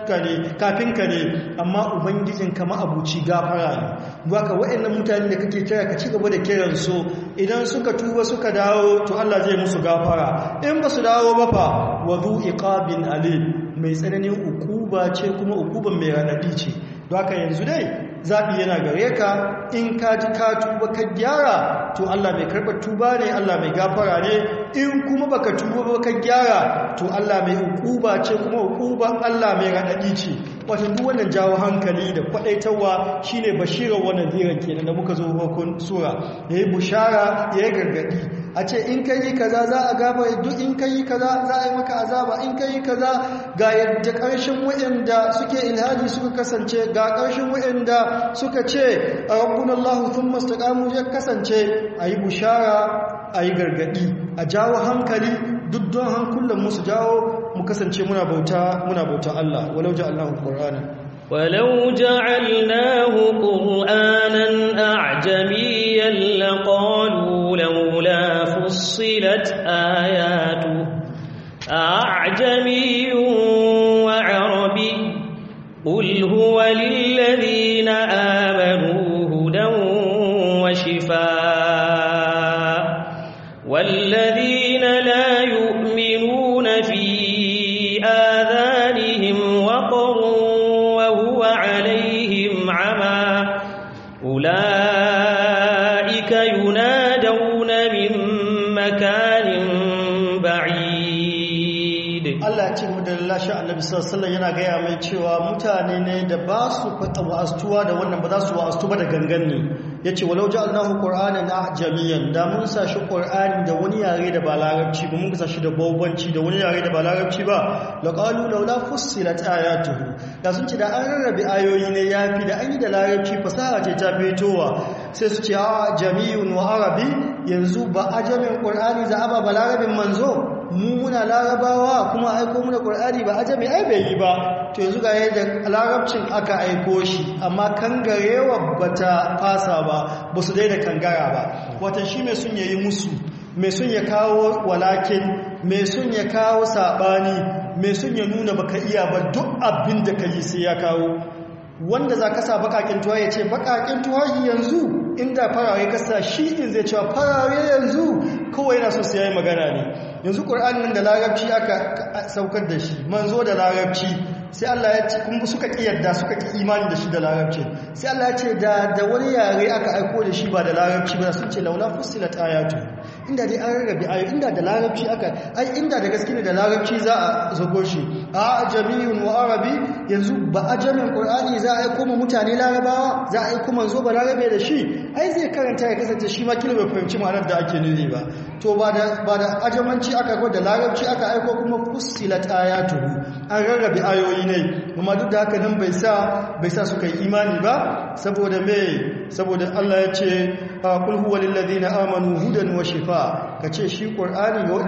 kafin ka ne amma ubangijin kama abuci gafara ne don haka waɗannan mutane da kake kira ka ci gaba da kiran su idan suka tuba suka dawo to Allah zai musu gafara in ba su dawo ba fa wa iqabin alim mai tsananin ukuba ce kuma ukuban mai raɗaɗi ce don yanzu dai zaɓi yana gare ka in ka ji ka tuba ka gyara to Allah mai karɓar tuba ne Allah mai gafara ne in kuma baka tuba ba ka gyara to Allah mai hukuba ce kuma hukuban Allah mai radadi ce wato duk wannan jawo hankali da kwadaitawa shine bashirar wannan ziran kenan da muka zo hukun sura yayi bushara yayi gargadi a ce in kai yi kaza za a gaba duk in kai yi kaza za a yi maka azaba in kai yi kaza ga yadda karshen wa'anda suke ilhaji suka kasance ga karshen wa'anda suka ce a thumma istaqamu sun ya kasance ayi yi bushara a yi gargaɗi a jawo jawo hankali duk don hankulan musu jawo mu kasance muna bauta muna bauta Allah walau ja Allahu qur'ana walau ولو جعلناه قرآنا أعجميا لقالوا لولا فصلت آياته أعجمي وعربي قل هو للذين amanu annabi sallallahu yana gaya mai cewa mutane ne da ba su fata wa'astuwa da wannan ba za su wa'astu ba da gangan ne yace walau ja'alnahu qur'anan ajamiyan da mun sa shi da wani yare da ba larabci ba mun sa shi da bawbanci da wani yare da ba larabci ba laqalu laula fussilat ayatuhu da sun ce da an rarrabe ayoyi ne yafi da an yi da larabci fasaha ce ta fitowa sai su ce a jami'un wa arabi yanzu ba ajamin ƙur'ani za a ba larabin manzo mu muna larabawa kuma aiko muna qur'ani ba ajami ai bai yi ba to yanzu ga yadda larabcin aka aiko shi amma kangarewa ta fasa ba ba basu daina kangara ba wata shi mai sun yayi musu mai sun ya kawo walakin mai sun ya kawo sabani mai sun ya nuna baka iya ba duk abin da ka yi sai ya kawo wanda za ka sa bakakin tuwa ya ce bakakin tuwa yanzu inda farare kasa shi in zai cewa farare yanzu kawai yana so sai yi magana ne yanzu ƙur'anin nan da larabci aka saukar da shi manzo da larabci sai Allah ya ce kuma suka yadda suka ƙi imani da shi da larabci sai Allah ya ce da wani yare aka aiko da shi ba da larabci ba sun ce laula fussilat ayatu inda dai an rarrabe ayo inda da larabci aka ai inda da gaske da larabci za a zago shi a jami'un wa arabi yanzu ba a jami'un qur'ani za a aiko mutane larabawa za a aiko manzo ba larabe da shi ai zai karanta ya kasance shi ma kila bai fahimci ma'anar da ake nuni ba to ba da ba da ajamanci aka ko da larabci aka aiko kuma fussilat ayatu an rarrabe ayoyi ne amma duk da haka nan bai sa bai sa su kai imani ba saboda me saboda Allah ya ce فقل هو للذين آمنوا هدى وشفاء كتشي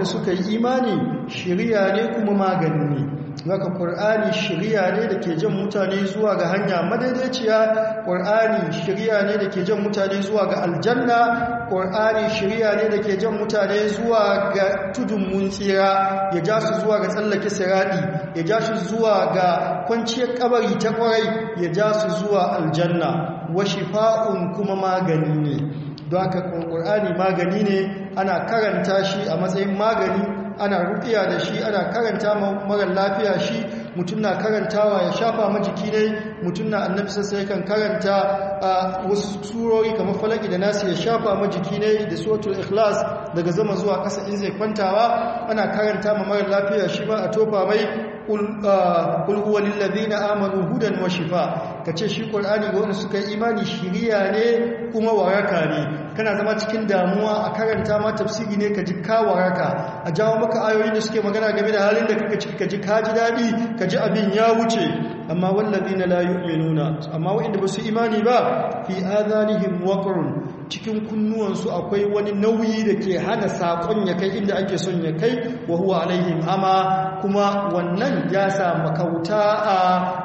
suka yi وإن Shirya ne kuma magani ne. zaka ƙur'ani shirya ne da ke jan mutane zuwa ga hanya madaidaiciya ƙur'ani shirya ne da ke jan mutane zuwa ga aljanna ƙur'ani shirya ne da ke jan mutane zuwa ga tudun mun tsira ya ja su zuwa ga tsallake siradi ya ja su zuwa ga kwanciyar kabari ta ƙwarai ya ja su zuwa aljanna wa shifa'un kuma magani ne don haka ƙur'ani magani ne ana karanta shi a matsayin magani ana rukiya da shi ana karanta marar lafiya shi mutum na karantawa ya shafa majiki ne mutum na annabi sassa kan karanta a wasu surori kamar falaki da nasu ya shafa majiki ne da sotul ikhlas daga zama zuwa kasa in zai kwantawa ana karanta ma marar lafiya shi ba a tofa mai kul ah, huwa lil ladina amanu hudan wa shifa kace shi qur'ani ga wanda suka imani shiriya ne kuma waraka ne kana zama cikin damuwa a karanta ma tafsiri ne ka ji kawaraka a jawo maka ayoyin da suke magana game da halin da kaka ciki ka ji ka ji daɗi ka ji abin ya wuce amma layu mai nuna amma wa'inda basu imani ba fi azanihim waqrun cikin kunnuwansu akwai wani nauyi da ke hana sakon ya kai inda ake son ya kai wa huwa alaihim ama kuma wannan ya sa makauta a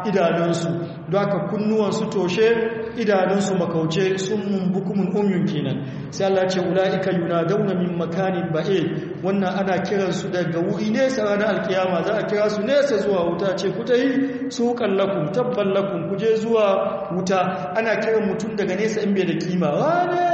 idanunsu don haka kunnuwansu toshe idanunsu makauce sun mumbukumin umyun kenan sai Allah ce ula'ika yunadawna min makanin ba'id wannan ana kiransu daga wuri nesa ranar alkiyama za a kira su nesa zuwa wuta ce ku tai su kallakum tabban ku je zuwa wuta ana kiran mutum daga nesa in bai da kima wane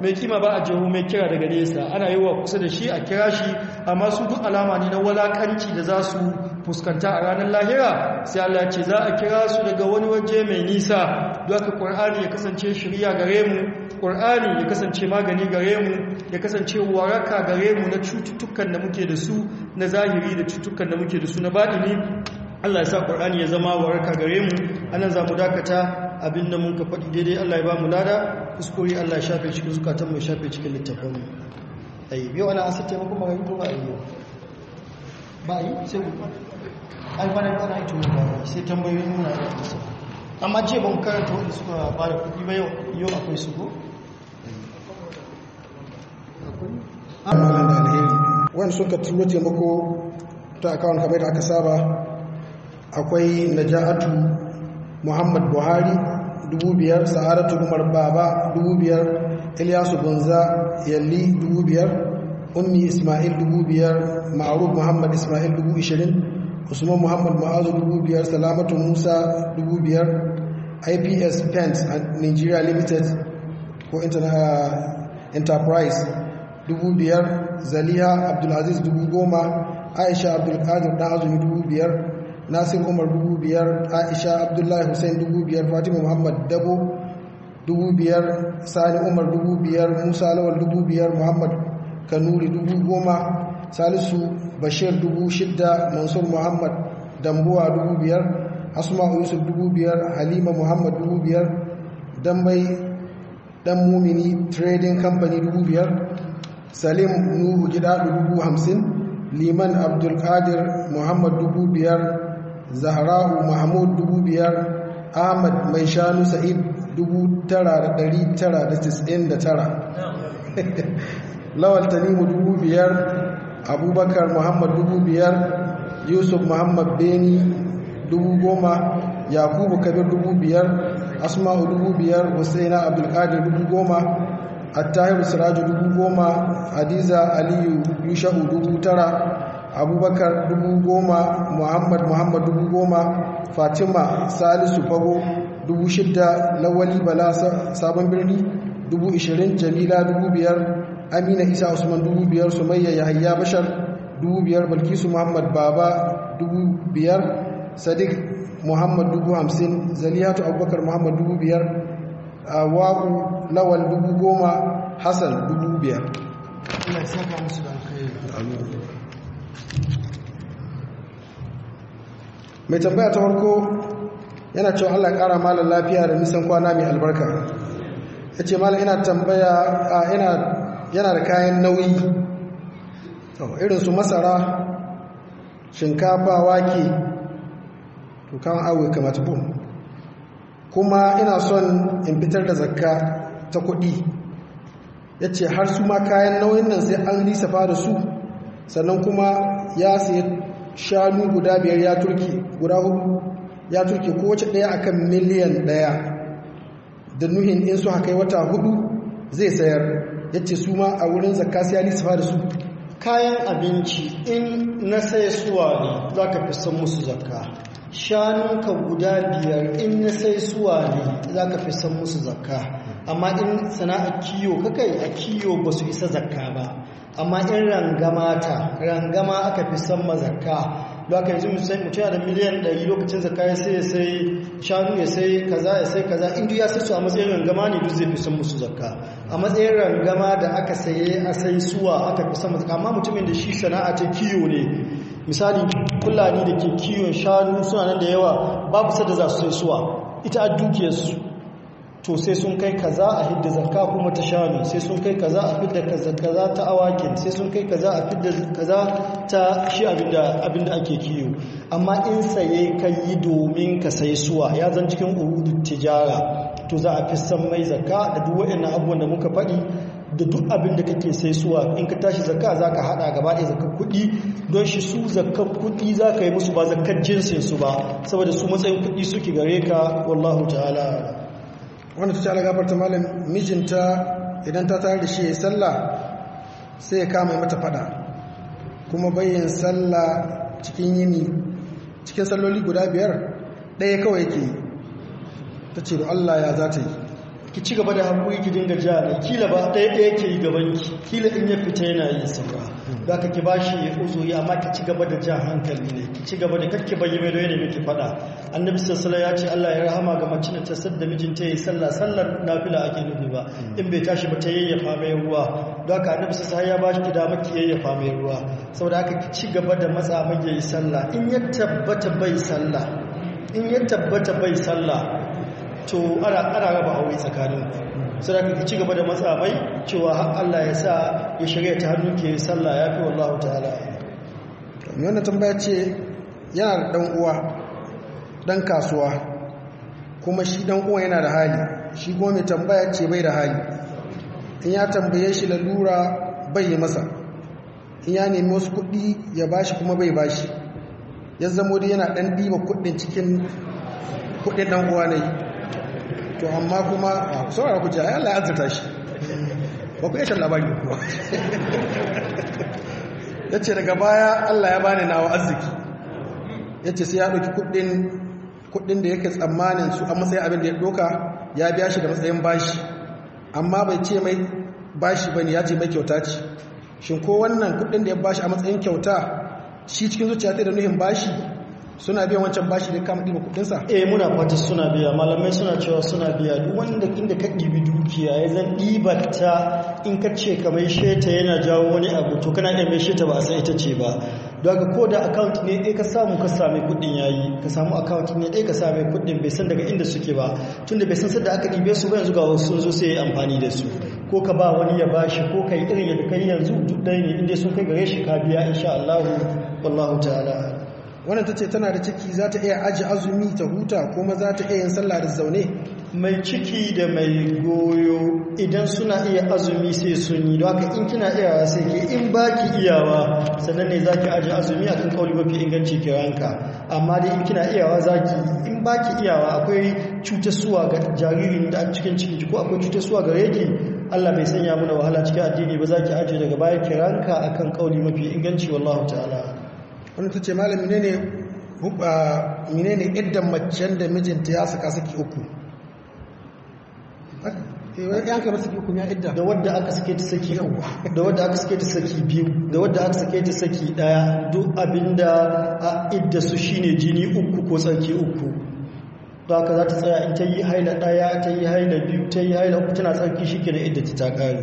mai kima ba a jihu mai kira daga nesa ana yi wa kusa da shi a kira shi amma su duk alama ne na walakanci da za su fuskanta a ranar lahira sai Allah ce za a kira su daga wani waje mai nisa haka ƙur'ani ya kasance shirya gare mu ƙur'ani ya kasance magani gare mu ya kasance waraka gare mu na cututtukan da muke da su na zahiri da cututtukan da muke da su na ne. Allah ya sa ƙur'ani ya zama waraka gare mu anan za mu dakata abin da mun ka faɗi daidai Allah ya ba mu lada kuskure Allah ya shafe cikin zukatan mu ya shafe cikin littafin mu ai biyo ana asa taimako ma yi ko ba yi ba yi sai ku ai ba ne ba na yi ba sai tambayoyin muna da su amma ce ban karanta wanda suka fara kudi ba yau akwai su ko wani suka turo mako ta akawun kamar da aka saba akwai na ja'atu muhammad buhari 5,000 sa'aratu umar baba 5,000 ilyasu gunza yalli 5,000 ummi ismail 5,000 ma'aruf muhammad ismail 20,000 usman muhammad ma'azu biyar salamatu musa biyar ips pent nigeria limited ko uh, enterprise biyar zaliha abdulaziz goma aisha abdulkadir dan azumi biyar nasir umar biyar aisha abdullahi hussein biyar fatima muhammad dabo biyar sani umar biyar musa lawal biyar muhammad kanuri goma salisu bashir dubu mansur muhammad dambuwa dubu biyar asma'u yusuf dubu halima muhammad dubu biyar dambai dan mumini trading company dubu salim nuhu gida dubu hamsin liman abdulkadir muhammad dubu biyar zahra'u mahmud dubu ahmad mai shanu sa'id dubu lawal tanimu dubu abubakar muhammad dubu biyar yusuf muhammad beni dubu goma yakubu kabir dubu biyar asma'u dubu biyar husaina abdulkadir dubu goma attahiru siraju dubu goma adiza aliyu yusha'u dubu tara abubakar dubu goma muhammad muhammad dubu goma fatima salisu fago dubu shidda lawali bala sabon birni dubu ishirin jamila dubu biyar amina isa usman dubu biyar sumayya yahaya bashar dubu biyar balkisu muhammad baba dubu biyar sadiq muhammad dubu hamsin zaliyatu abubakar muhammad dubu biyar wa'u lawal dubu goma hassan dubu biyar mai tambaya ta farko yana cewa Allah ƙara malar lafiya da nisan kwana mai albarka ya ce malar ina tambaya a ina yana da kayan nauyi irin su masara shinkafa wake tukan awe kamar bum kuma ina son in fitar da zakka ta kuɗi ya ce har su ma kayan nauyin nan sai an lissafa da su sannan kuma ya sayi shanu guda biyar ya turki guda hudu ya turki kowace ɗaya akan miliyan ɗaya da nuhin in su haka wata hudu zai sayar ya ce su ma a wurin zakka sai ya lissafa da su kayan abinci in na sai suwa ne za ka fi san musu zakka shanunka guda biyar in na sai suwa ne za ka fi san musu zakka amma in sana'ar kiyo kakai a kiyo ba su isa zakka ba amma in rangama ta rangama aka fi san zakka don haka yanzu mutum yana da miliyan ɗari lokacin ya sai ya sai shanu ya sai kaza ya sai kaza in ya sai su a matsayin rangama ne duk zai fi son musu zakka a matsayin rangama da aka saye a sai suwa aka fi son zakka amma mutumin da shi sana'a ta kiyo ne misali kullani da ke kiyon shanu suna nan da yawa babu sadda za su sai suwa ita a dukiyarsu to sai sun kai kaza a hidda zakka kuma ta shanu sai sun kai kaza a fidda kaza ta awakin sai sun kai kaza a fidda kaza ta shi abinda abinda ake kiyo amma in saye ka yi domin ka sai suwa ya zan cikin urudu tijara to za a fi san mai zakka da duk waɗannan abubuwan da muka faɗi da duk abin da kake sai suwa in ka tashi zakka za ka haɗa gaba ɗaya zakka kuɗi don shi su zakka kuɗi za ka yi musu ba zakkar jinsinsu ba saboda su matsayin kuɗi suke gare ka wallahu ta'ala wanda ta ci ala gafarta malam mijinta idan ta tare da shi ya sallah sai ya kama mata fada kuma bayan sallah cikin yini cikin salloli guda biyar ɗaya kawai yake ta ce Allah ya za ta yi ki ci gaba da hankuri ki dinga jari kila ba ɗaya ɗaya ke yi gaban ki kila in ya fita yana yin saura za ka ki bashi ya ya amma ki ci gaba da jan hankali ne ki ci gaba da kakki bayi mai doye ne miki faɗa annabi sassala ya ce allah ya rahama ga mace da ta sadda mijinta ya yi sallah sallar nafila ake nufi ba in bai tashi ba ta yayyafa mai ruwa da ka annabi sassala ya bashi ki dama ki yayyafa mai ruwa saboda haka ki ci gaba da matsa mai yi in ya tabbata bai sallah in ya tabbata bai sallah to ana raba aure tsakanin sadaka ki ci gaba da mai. cewa Allah ya sa ya shirya ta hannun ke sallah ya fi wallahu ta'ala wannan tambaya ce yana da dan uwa dan kasuwa kuma shi dan uwa yana da hali shi kuma mai tambaya ce bai da hali in ya tambaye shi lalura bai yi masa in ya nemi wasu kuɗi ya bashi kuma bai bashi ya zamo da yana ɗan ɗiba kuɗin cikin kuɗin ɗan uwa ne to amma kuma a saurara ku ji Allah ya azurta shi ba ku yashin labari ba ya ce daga baya Allah ya bani nawa arziki ya ce sai ya ɗauki kuɗin da yake tsammanin su a matsayin abin da ya ɗoka ya biya shi da matsayin bashi amma bai ce mai bashi ba ne ya ce mai kyauta ce shin ko wannan kuɗin da ya bashi a matsayin kyauta shi cikin zuciya ta da nuhin bashi suna biya wancan bashi da kama ɗiba kudinsa? eh muna fata suna biya malamai suna cewa suna biya duk wanda inda ka ɗibi dukiya ya zan ɗibarta in ka ce ka sheta yana jawo wani abu to kana iya mai sheta ba a san ita ce ba don haka ko da account ne ɗaya ka samu ka sami kuɗin yayi ka samu account ne ɗaya ka sami kuɗin bai san daga inda suke ba tunda bai san sadda aka ɗibe su ba yanzu ga wasu sun zo sai amfani da su ko ka ba wani ya bashi ko ka yi irin yadda yi yanzu duk ɗaya ne inda sun kai gare shi ka biya insha Allah wallahu ta'ala wannan ta ce tana da ciki za ta iya aji azumi ta huta kuma za ta iya yin sallah da zaune mai ciki da mai goyo idan suna iya azumi sai sun yi don haka in kina iyawa sai ke in ba ki iyawa sannan ne za ki aji azumi a kan kawai mafi inganci kiranka, ranka amma dai in kina iyawa za ki in ba ki iyawa akwai suwa ga jaririn da cikin ciki ko akwai suwa ga reki Allah bai sanya muna wahala cikin addini ba za ki aje daga baya kiranka akan kauli mafi inganci wallahu ta'ala wani ta ce malami ne ah, mine ne idan macen da mijinta ya saka eh, saki uku da wadda aka sake ta saki biyu da wadda aka suke ta saki daya duk abinda a idda su shine jini uku ko tsarki uku to ka za ta tsaya in ta yi haila daya ta yi haila biyu ta yi haila uku tana tsarki shi ke da idda ta kare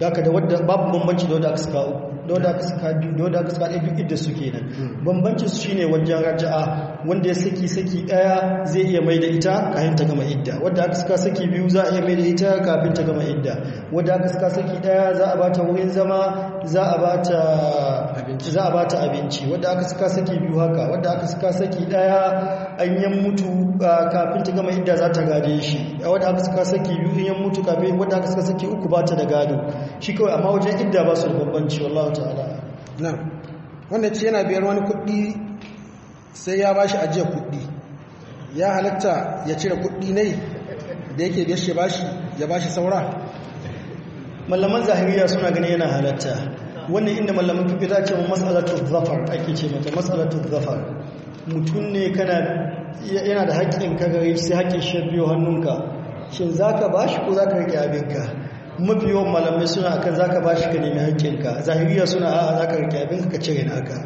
daga da wadda babu bambanci da wadda aka saka da aka da wadda aka duk idda su nan hmm. bambanci su shine wajen raja'a wanda ya saki saki daya zai iya mai da ita kafin ta gama idda wadda aka saka saki biyu za a iya mai da ita kafin ta gama idda wadda aka saka saki daya za a bata wurin zama za a bata abinci za a bata abinci wadda aka saka saki biyu haka wadda aka saka saki daya an yan mutu kafin ta gama idda za ta gade shi a wadda aka suka saki biyu in yan mutu kafin wadda aka suka saki uku ba ta da gado shi kawai amma wajen idda ba su da bambanci wallahu ta'ala na wanda ce yana biyar wani kuɗi sai ya ba shi ajiyar kuɗi ya halatta ya cire kuɗi ne da yake biyar shi ya ya shi saura malaman zahiriya suna ganin yana halatta wannan inda mallaman kuɗi za ce mas'alatu zafar ake ce mata mas'alatu zafar mutum ne yana da haƙƙin kaga sai haƙƙin shi biyo hannunka shin ba shi ko za ka riƙe abinka mafi yawan malamai suna akan za ka ba shi ka nemi haƙƙinka zahiriya suna a'a ka riƙe abinka ka cire naka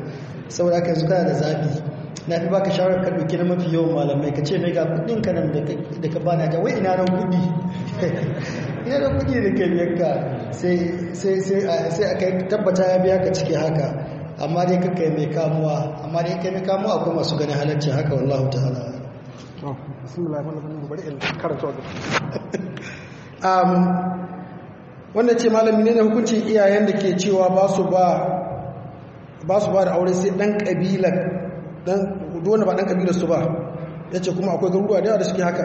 saboda haka yanzu kana da zafi. na fi baka shawarar ka ɗauki na mafi yawan malamai ka ce mai ga kuɗin ka nan da ka bana ta wai ina nan kuɗi ina nan kuɗi da ka biyanka sai a kai tabbata ya biya ka ciki haka amma dai kakai mai kamuwa amma dai kai mai kamuwa akwai masu ganin halaccin haka wallahu ta'ala wanda um, ce malami ne na hukuncin iyayen da ke cewa ba su ba da aure sai dan kabilar dole ba dan kabilar su ba ya ce kuma akwai garuruwa da yawa da suke haka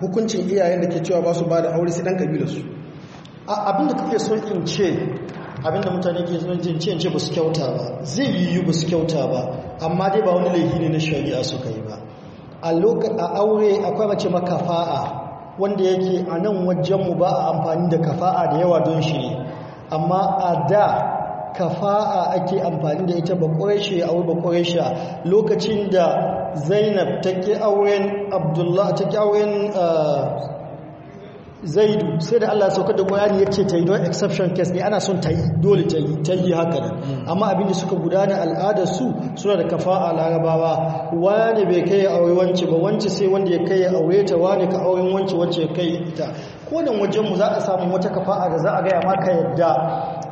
hukuncin iyayen da ke cewa ba su ba da aure sai dan kabilar su abinda kake son in ce abinda mutane ke zuwa jinci ce ba su kyauta ba zai yiwu ba su kyauta ba amma dai ba wani laifi ne na shari'a suka yi ba a aure akwai mace makafa'a wanda yake a nan wajenmu ba a amfani da kafa'a da yawa don shi ne amma a da kafa'a ake amfani da ita ba ƙwarai a ba ƙwarai lokacin da zainab take auren abdullahi take auren ah, zaidu sai da Allah saukar da bayani yace ta yi don exception case ne ana son tayi dole tayi tayi haka nan hmm. amma abin da suka gudana al'adar su suna da kafa'a larabawa wani bai kai a aure wance ba wance sai wanda ya kai ya aure ta wani ka auren wanci wacce ya kai ita ko nan wajen mu za a samu wata kafa'a da za a ga ya maka yadda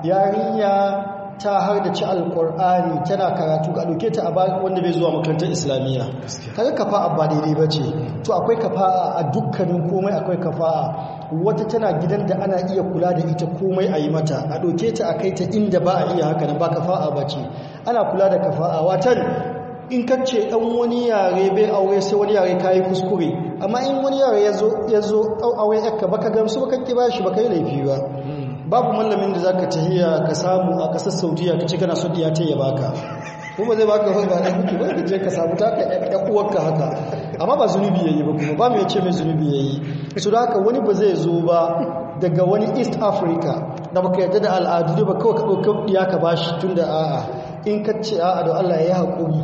yarinya ta har da ci alkur'ani tana karatu ga ɗauke ta wanda bai zuwa makarantar islamiyya kafa kafa'a ba daidai ba ce to akwai kafa'a a dukkanin komai akwai kafa'a wata tana gidan da ana iya kula da ita komai a yi mata a ɗauke ta a kai ta inda ba a iya haka ba kafa'a ba ce ana kula da kafa'a watan in kace ce ɗan wani yare bai aure sai wani yare kayi kuskure amma in wani yare ya zo aure yakka baka gamsu baka ƙi ba shi baka yi laifi ba hmm. babu mallamin da za zaka tahiya ka samu a kasar Saudiya ka ce kana so diya ta ya baka kuma zai baka wani bane kuke ba je ka samu ka ɗan uwarka haka amma ba zunubi yayi ba kuma ba mu yace mai zunubi yayi su da haka wani ba zai zo ba daga wani East Africa da baka yarda da al'adu ba kawai ka ɗauka diya ka bashi tunda a'a in ka ce a'a da Allah ya yi haƙuri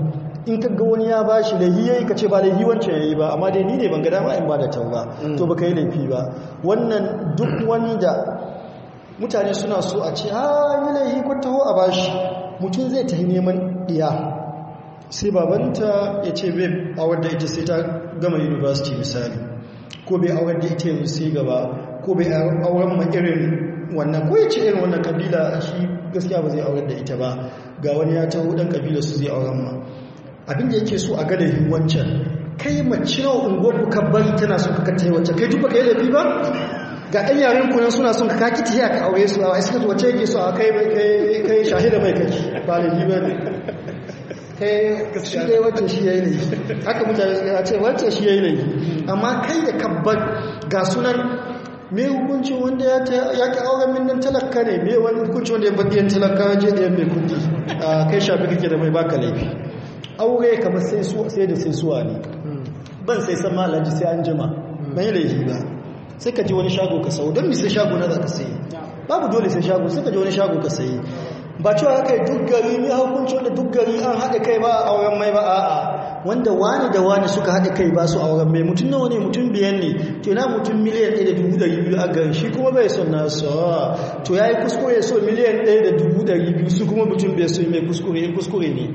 in ka ga wani ya ba shi laifi yayi ka ce ba laifi wancan yayi ba amma dai ni ne ban ga dama in ba da mm. ba to baka yi laifi ba wannan duk wani da mutane suna so a ce ha yi laihi taho a bashi mutum zai tahi neman iya. sai babanta ya ce bai awar da ita sai ta gama university misali ko bai awar da ita yanzu sai gaba ko bai awar ma irin wannan ko ya ce irin wannan kabila shi gaskiya ba zai awar da ita ba ga wani ya taho dan kabila su zai auren ma abin da yake so a ga laifin wancan kai mace nawa unguwar ka bari tana so ka kai wacce kai duk ka yi laifi ba ga ɗan yaren ku suna son ka kiti ya ka aure su a iska wace yake so a kai kai shahida mai kai ba da ba ne kai shi dai wancan shi yi ne haka mutane suka ce wacce shi yi ne amma kai da kabbar ga sunan me hukunci wanda ya ka aure min nan talaka ne me wani hukunci wanda ya baki yan talaka je da yan mai a kai shafi kake da mai baka laifi aure kamar sai da sai suwa ne ban sai san malaji sai an jima ban yi laifi ba sai ka je wani shago ka sayo don mi sai shago na za ka sayi babu dole sai shago sai ka je wani shago ka sayi ba cewa aka yi duk gari ni hukunci wanda duk gari an haɗa kai ba a auren mai ba a'a wanda wani da wani suka haɗa kai ba su auren mai mutum nawa ne mutum biyan ne to na mutum miliyan ɗaya da dubu ɗari biyu a gari shi kuma bai son nasu to ya yi kuskure so miliyan ɗaya da dubu ɗari biyu su kuma mutum bai so mai kuskure in kuskure ne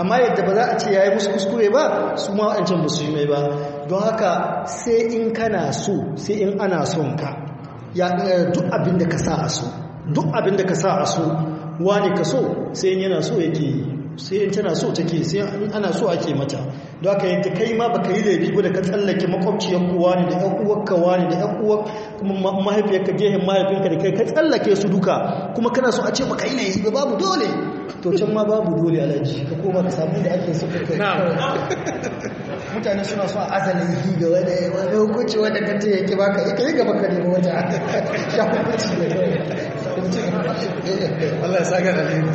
amma yadda ba za a ce ya yi musu kuskure ba su ma waɗancan ba su yi mai ba don haka sai in kana so sai in ana son ka ya eh, duk abin da ka sa a so duk abin da ka sa a so wane ka so sai in yana so yake yi sai in tana so take sai in ana so ake mata don haka yadda kai ma baka yi laifi ba da ka tsallake makwabciyar kuwa ne da ƴan uwarka wani da ƴan uwar mahaifiyarka gehen mahaifinka da kai ka tsallake su duka kuma kana so a ce baka yi laifi ba babu dole to can ma babu dole alaji ka koma ka samu da ake so ka kai mutane suna son azalin yi ga wani hukunci wadda ka ce yake baka ita yi gaba ka nemi wata sha hukunci da Allah ya sa ga dalili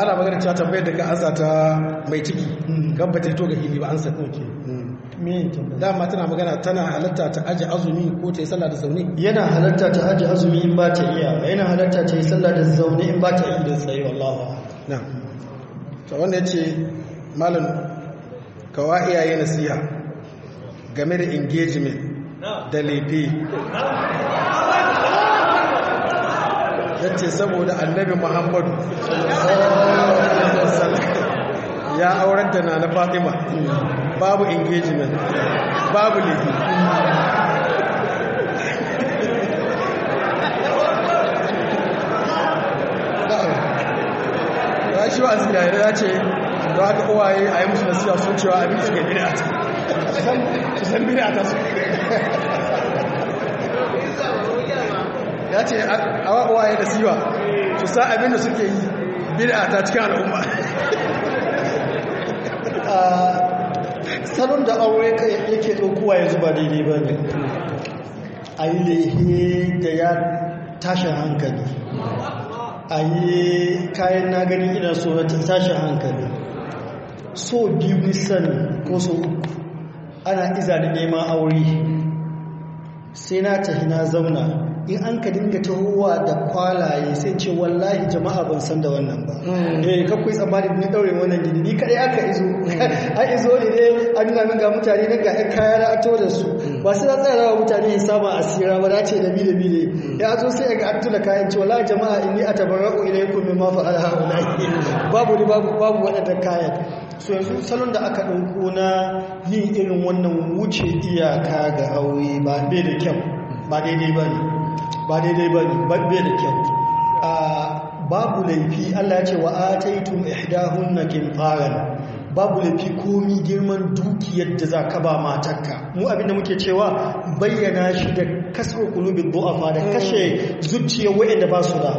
ana magana cewa tambayar da ansa ta mai ciki hmm. kan ba ta fito ga hili ba ansa koke hmm. dama tana magana tana halatta ta aji azumi ko ta yi sallah da zaune yana halatta ta aji azumi in ba ta iya yana halatta ta yi sallah da zaune in ba ta iya da tsaye wallahu na to wanda ya ce malam kawa iyaye nasiha game da engagement da laifi ya ce saboda annabi muhammadu ya auren da na fatima babu engagement babu laifi ya shi wa asiri ya ce don haka uwaye a yi musu nasiya sun cewa abin suke yi bida su san a ta su ya ce awa uwaye da siwa su sa abin da suke yi a ta cikin al'umma ah, salon da aure yake ɗaukuwa ya zuba daidai ba ne a yi lehe da ya tashin hankali a yi kayan na gani ina so tashin hankali so biyu nisan ko so uku ana iza da neman aure sai na tafi na zauna in an ka dinga tahowa da kwalaye sai ce wallahi jama'a ban san da wannan ba mm. eh kakwai tsammani mm. ne daure wannan gidi ni kadai aka izo a izo ne ne an nuna min ga mutane nan ga ɗan kaya na ato da su mm. ba sai za tsaya wa mutane a asira ba dace da bile da ya zo sai ga atto da kayan ce wallahi jama'a inni atabarra'u ilaykum mimma fa'ala haula'i babu ni babu babu kayan so yanzu salon da aka ɗauko na yin irin wannan wuce iyaka ga aure ba bai da kyau ba daidai ba ne ba daidai ba ne ba da kyau babu laifi Allah ce wa ataitum ihdahunna kinfaran babu laifi komi girman dukiyar da za ka ba matarka mu abinda muke cewa bayyana shi da kasar kulubin du'afa da kashe zuciyar da ba su da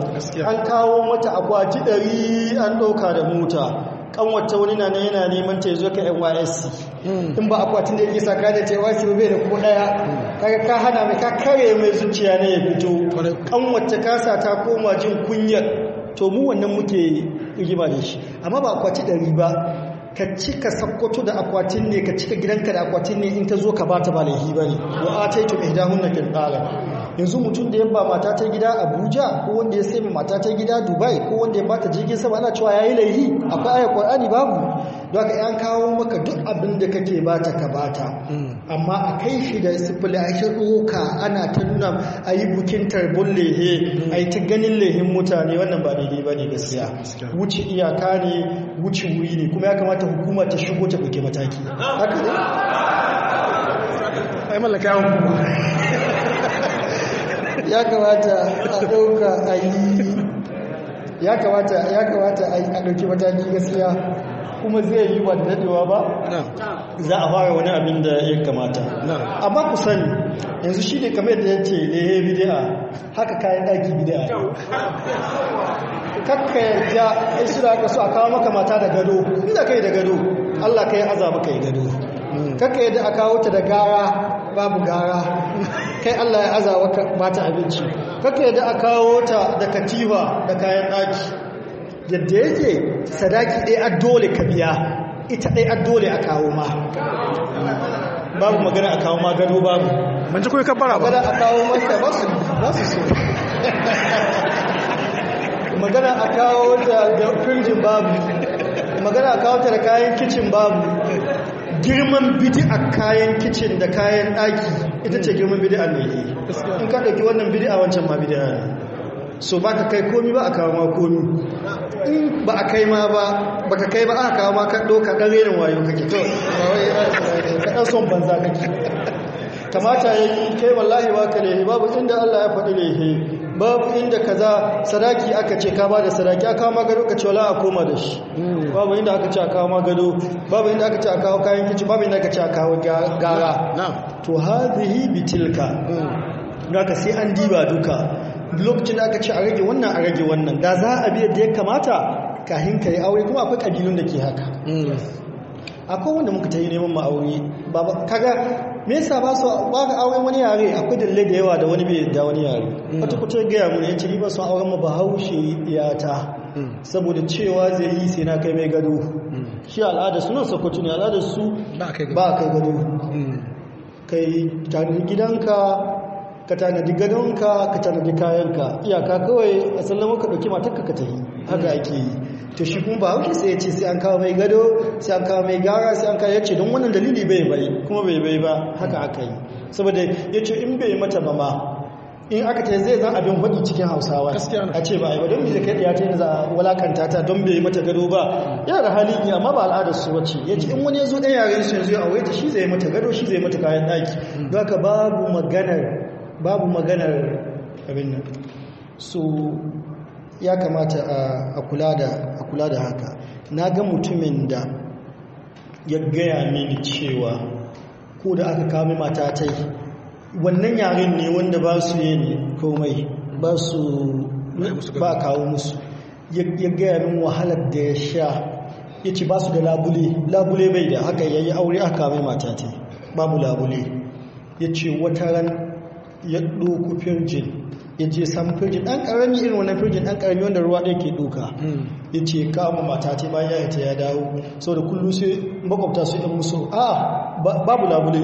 an kawo mata akwati ɗari an ɗauka da mota kan wata wani na yana neman ta zo ka nysc hmm. in ba akwatin da yake saka da ta nysc bai da ko ɗaya hmm. kaga ka hana mai ka kare mai zuciya ne ya fito kan wacce kasa ta koma jin kunyar to mu wannan muke rigima da shi amma ba akwati ɗari ba ka cika sakkwato da akwatin ne ka cika gidanka da akwatin ne in ta zo ka ba ta ba laifi ba ne wa a ta yi to hunna na ɗala. yanzu mutum da ya ba mata ta gida abuja ko wanda ya sai mai mata ta gida dubai ko wanda ya ba ta jirgin sama ana cewa ya yi laifi akwai ayar ƙwar'ani babu don haka yan kawo maka duk abin da kake bata ka bata hmm. amma a kai shi da sifili a shi ɗoka ana ta nuna a yi bukin tarbun lehe hmm. a yi ta ganin lehen mutane wannan ba daidai ba ne gaskiya wuce iyaka ne wuce wuyi ne kuma ya kamata hukuma ta shigo ta buke mataki haka ne? ai mallaka yawon kuma ya kamata a ɗauka a yi ya kamata a ɗauki mataki gaskiya kuma zai yi ba da daɗewa ba za a fara wani abin da ya kamata amma ku sani yanzu shi ne kamar ya ce da ya eh, bidiya haka kayan ɗaki bidiya kakka ja ya da ka so a kawo maka mata da gado inda kai da gado Allah ka yi azaba ka yi gado kakka yadda a kawo ta da gara babu gara kai Allah ya azaba ka bata abinci kakka yadda a kawo ta da katifa da kayan ɗaki yadda yake sadaki ɗaya a dole ka biya ita ɗaya a dole a kawo ma babu magana a kawo ma gado babu ban ji kuwa kabbara ba a kawo masa ba su so magana a kawo ta da firjin babu magana a kawo ta da kayan kicin babu girman bidi a kayan kicin da kayan ɗaki ita ce girman bidi a mai in ka ɗauki wannan bidi a wancan ma bidi a ne so ba ka kai komi ba a kawo ma komi in ba a kai ma ba ba ka kai ba a kawo ma ka ɗauka ɗan renin wayo kake to ka ɗan son banza kake kamata ya yi kai wallahi ba ka lehe babu inda Allah ya faɗi lehe babu inda ka za sadaki aka ce ka ba da sadaki aka ma gado ka ce wala a koma da shi babu inda aka ce a kawo ma gado babu inda aka ce a kawo kayan kici babu inda aka ce a kawo gara to hadhihi bitilka hmm. naka sai an diba duka lokacin da aka ce a rage wannan a rage wannan da za a biya da ya kamata kahin ka yi aure kuma akwai kabilun da ke haka akwai wanda muka ta yi neman ma'aure kaga me yasa ba su ba ga auren wani yare akwai dalle da yawa da wani bai da wani yare mm. wata kuta gaya mun yace ni ba su auren mu bahaushe yata mm. saboda cewa zai yi sai na kai mai gado mm. shi al'ada su nan sokoto ne al'ada su ba kai gado kai tarihi gidanka ka tanadi gadonka ka tanadi kayanka iyaka kawai a sallama ka ɗauki matakka ka yi haka ake yi ta shi kuma ba wuce sai ya ce sai an kawo mai gado sai an kawo mai gara sai an kawo ya ce don wannan dalili bai bai kuma bai bai ba haka aka yi saboda ya ce in bai mata ba ma in aka ta zai zan abin faɗi cikin hausawa a ce ba a yi ba don mai da ya ta za a walakanta ta don bai mata gado ba yana da hali ne amma ba al'adar su wace ya ce in wani ya zo ɗaya yaren su yanzu ya awaita shi zai mata gado shi zai mata kayan ɗaki don haka babu maganar babu maganar abin nan so ya kamata a kula da haka na ga mutumin da ya gaya mini cewa ko da aka kame matatai wannan yaren ne wanda ba su yi ne komai ba su ba kawo musu ya gaya min wahalar da ya sha ya ce ba su da labule labule bai da haka yayi aure aka kame matatai babu labule ya ce wata ran ya ɗoku firjin ya ce samun firjin ɗan ƙarami irin wani firjin ɗan ƙarami wanda ruwa ɗaya ke ɗoka hmm. ya ce kama mata ce bayan ya ta ya dawo saboda kullum sai makwabta su ɗan musu a babu labule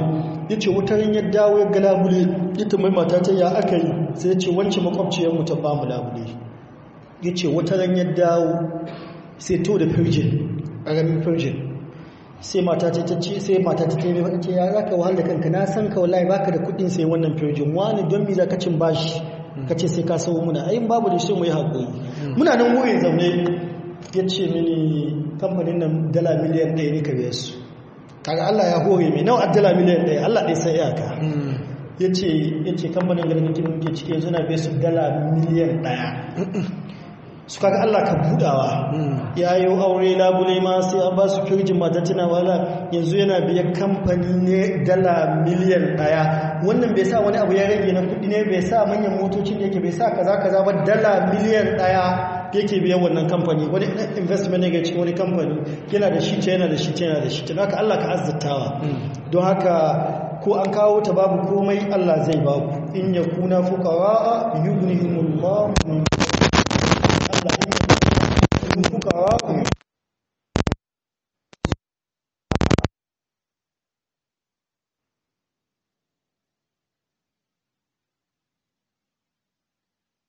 ya ce wutarin ya dawo ya ga labule ita mai mata ta ya aka yi sai ya ce wance makwabciyar mu ta ba mu labule ya ce wutarin ya dawo sai to da firjin ƙaramin firjin sai mata ta ce sai mata ta tare ce ya za ka wahala kanka na san ka wallahi baka da kuɗin sai wannan firjin wani don za ka cin bashi ka ce sai ka sau muna ayin babu da shi mu yi hakuri mm. muna nan wurin zaune ya ce mini kamfanin nan dala miliyan ɗaya ne ka biya su kaga Allah ya hore mai nawa dala miliyan ɗaya Allah ɗaya sai iyaka mm. ya ce kamfanin garin da ke ciki yanzu na biya su dala miliyan ɗaya su kaga Allah ka budawa hmm. yayo aure labule ma sai an ba su kirjin mata tana wala yanzu yana biya kamfani ne dala miliyan daya wannan bai sa wani abu ya rage na kudi ne bai sa manyan motocin yake bai sa kaza kaza ba dala miliyan daya yake biyan wannan kamfani wani investment ne ga cikin wani kamfani yana da shi yana da shi yana da shi ce haka Allah ka azzatawa hmm. don haka ko an kawo ta babu komai Allah zai babu in yakuna fuqara yughnihimullahu min the whole